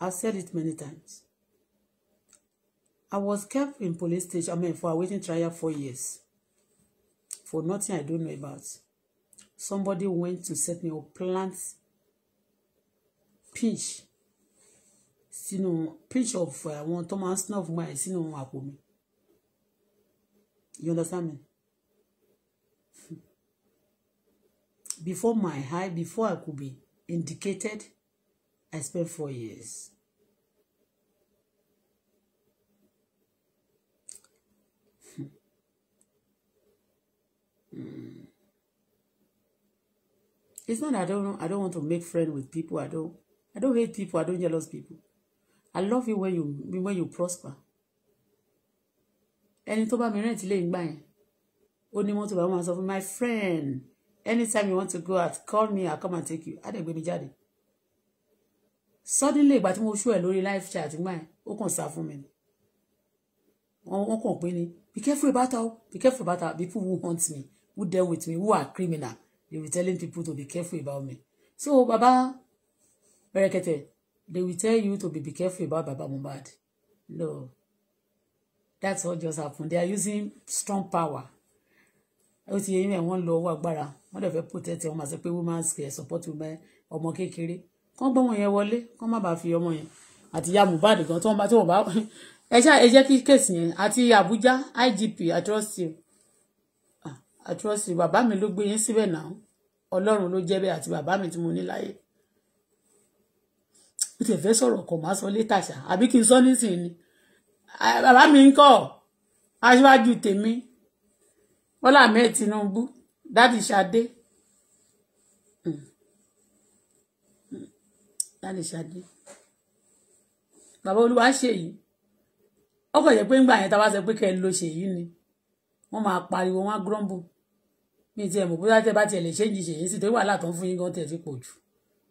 I've said it many times. I was kept in police station, I mean, for awaiting trial for years. For nothing I don't know about. Somebody went to set me up, plant pinch sínú pinch of eh, àwọn tó máa ń snuff mọ́ ẹ̀ sínú àpò mi. You understand me? Hmm. Before my high, before I could be indicated I spent four years. Hmm. It's not I don't I don't want to make friends with people. I don't I don't hate people. I don't jealous people. I love you when you when you prosper. Any tó bá rent ilé ìgbà yẹn, ó ní mọ́tò bá my friend anytime you want to go out call me I come and take you. I don't gbé mi jáde suddenly ìgbà tí mo ṣú ẹ lórí live chat gbà ẹ ó kàn sá fún mi ni wọn kàn pé ni be careful about how be careful about how people who hunt me who deal with me who are criminal they will telling people to be careful about me so baba bẹrẹkẹtẹ they will tell you to be be careful about baba Mohbad no that's all just happen they are using strong power ó ti yẹ yín ẹ wọn lọ owó agbára wọn dẹ fẹ́ protect ẹ wọn máa sọ pé women's care support women ọmọ kékeré kán gbọ́mọ yẹn wọlé kán má bàa fi ọmọ yẹn àti ìyá Mohbad gan tí wọ́n bá tí wọ́n bá ẹ ṣá ẹ jẹ́ kí kéèsì yẹn àti Abuja IGP I trust you ah, I trust you bàbá mi ló gbé yín síbẹ̀ náà Ọlọ́run ló jẹ́ bẹ́ẹ̀ àti bàbá mi tí mo ní láyé mo ti fẹ́ sọ̀rọ̀ kọ̀ máa sọ létà ṣá àbí kí n sọ nísìnyí ni ah, bàbá mi ń kọ́ aṣíwájú tèmi Bọ́lá Ahmed Tinubu dádì Ṣadé lálẹ́ ṣadé bàbá olúwa ṣèyí ọkọ̀ jẹ́ pé ńgbà yẹn tá a bá sọ pé kẹ́ ẹ lo ṣèyí ni wọ́n máa pariwo wọ́n á grumble mi tiẹ̀ mọ̀ bóyá tẹ́ bá tiẹ̀ lè ṣéǹjì ṣèyí sí torí wàhálà tó ń fún yín gan tẹ̀ ti pọ̀ jù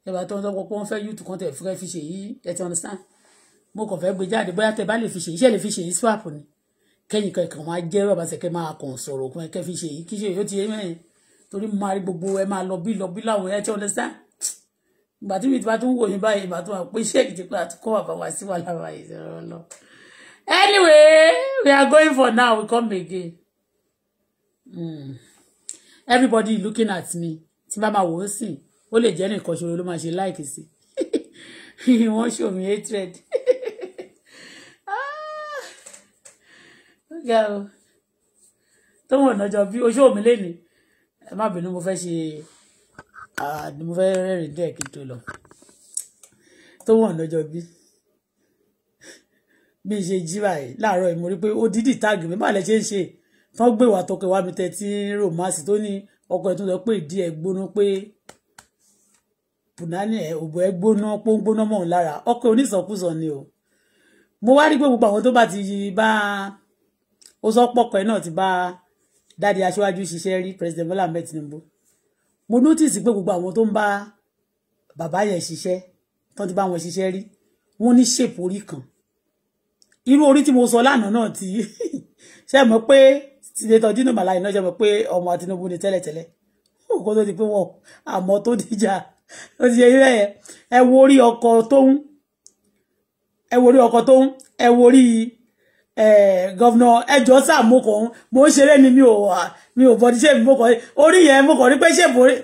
ẹ bá tó ń sọ́kọ́ pé wọ́n fẹ́ yúùtù kan tẹ̀ fúrẹ́ fi ṣèyí ẹ ti understand mo kàn fẹ́ gbé jáde bóyá tẹ́ bá lè fi ṣèyí ṣe lè fi ṣèyí swap ni kẹ́yìn kankan wọn á jẹ́ bàbá sẹ́kẹ́ máa kàn sọ̀rọ̀ kún ẹ kẹ́ fi ṣèyí kí ṣèyí ó ti yé mẹ́rin torí mo máa rí gbogbo ẹ máa lọ bí lọ bí láwọn ẹ ti understand ìgbà tí mi ti bá tún wò yín báyìí ìgbà tó wà pé iṣẹ́ ìdíje pé àti kó bàbá wa sí wà lára ìṣòro lọ. anyway we are going for now we come again. Mm. everybody looking at me tí bá máa wò ó sìn ó lè jẹ́ nìkan ṣòro ló máa ṣe láìkì sí wọ́n show me hatred. Ah! ga o tó wọn ọ̀nà jọ bí oṣù òmìnir ni ẹ má bínú mo fẹ́ ṣe. Ah, ni mo fẹ́ rẹ́rìn díẹ̀ kí n tó lọ tó wọ̀n lọ́jọ́ bí bí n ṣe jí báyìí láàárọ̀ yìí mo rí pé odidi táàgì mi báà lẹ ṣe ń ṣe tán gbé wa tọkẹ wa mi tẹtí rọmásì tó ní ọkọ ẹ tó sọ pé ìdí ẹ gbóná pé bùnání ẹ òbò ẹ gbóná pó ń gbóná mọ́ òun lára ọkọ onísọkúsọ ni o mo wá rí pé gbogbo àwọn tó bá ti bá ó sọ pọkọ ẹ náà ti bá dáde aṣíwájú ṣiṣẹ́ rí president Bola Ahmed Tinubu mo notice pé gbogbo àwọn tó ń bá bàbá yẹn ṣiṣẹ́ tó ti bá wọn ṣiṣẹ́ rí wọ́n ní ṣèpò orí kan irú orí tí mo sọ lánàá náà ti ṣe mọ̀ pé senator Dino Malaye náà ṣe mọ̀ pé ọmọ Tinubu ni tẹ́lẹ̀tẹ́lẹ̀ òkò tó ti pé wọ́n àmọ́ tó dìjà ó ti ṣe ilé ẹ̀ ẹ wo orí ọkọ̀ tóun ẹ wo orí ọkọ̀ tóun ẹ wo orí Eh, governor ẹjọ́ sáà mo kàn mo ń ṣeré ni mi ò wà mi ò bọ́dí ṣé mo kàn orí yẹn mo kàn rí pé ṣé borí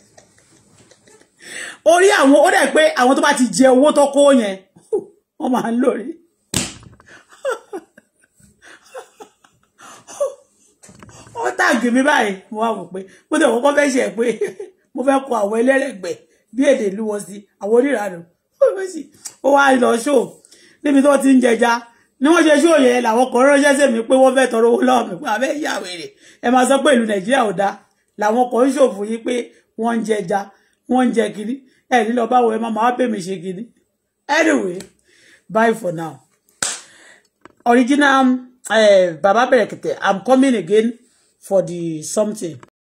orí àwọn ó dẹ̀ pé àwọn tó bá ti jẹ owó tó kó yẹn wọ́n máa ń lórí. ó tàgì mi báyìí mo wá wò pé mo tẹ̀ kọ́ fẹ́ ṣe pé mo fẹ́ kọ àwọn ẹlẹ́rẹ̀gbẹ́ bí èdè lúwọ́ sí àwọn oníranù ó wá lọ ṣó níbi tó ti ń jẹja ní wọ́n ṣe ṣóòyẹ làwọn kan ránṣẹ́ sí mi pé wọ́n fẹ́ tọrọ owó lọ́wọ́ pé abẹ́ ìyá wèrè ẹ máa sọ pé ìlú nàìjíríà ò dáa làwọn kan ń ṣòfò yìí pé wọ́n ń jẹ ẹja wọ́n ń jẹ kiri ẹ ní báwo ẹ máa máa bèmí ṣe kiri anyway bye for now original uh, baba berekete i'm coming again for the something.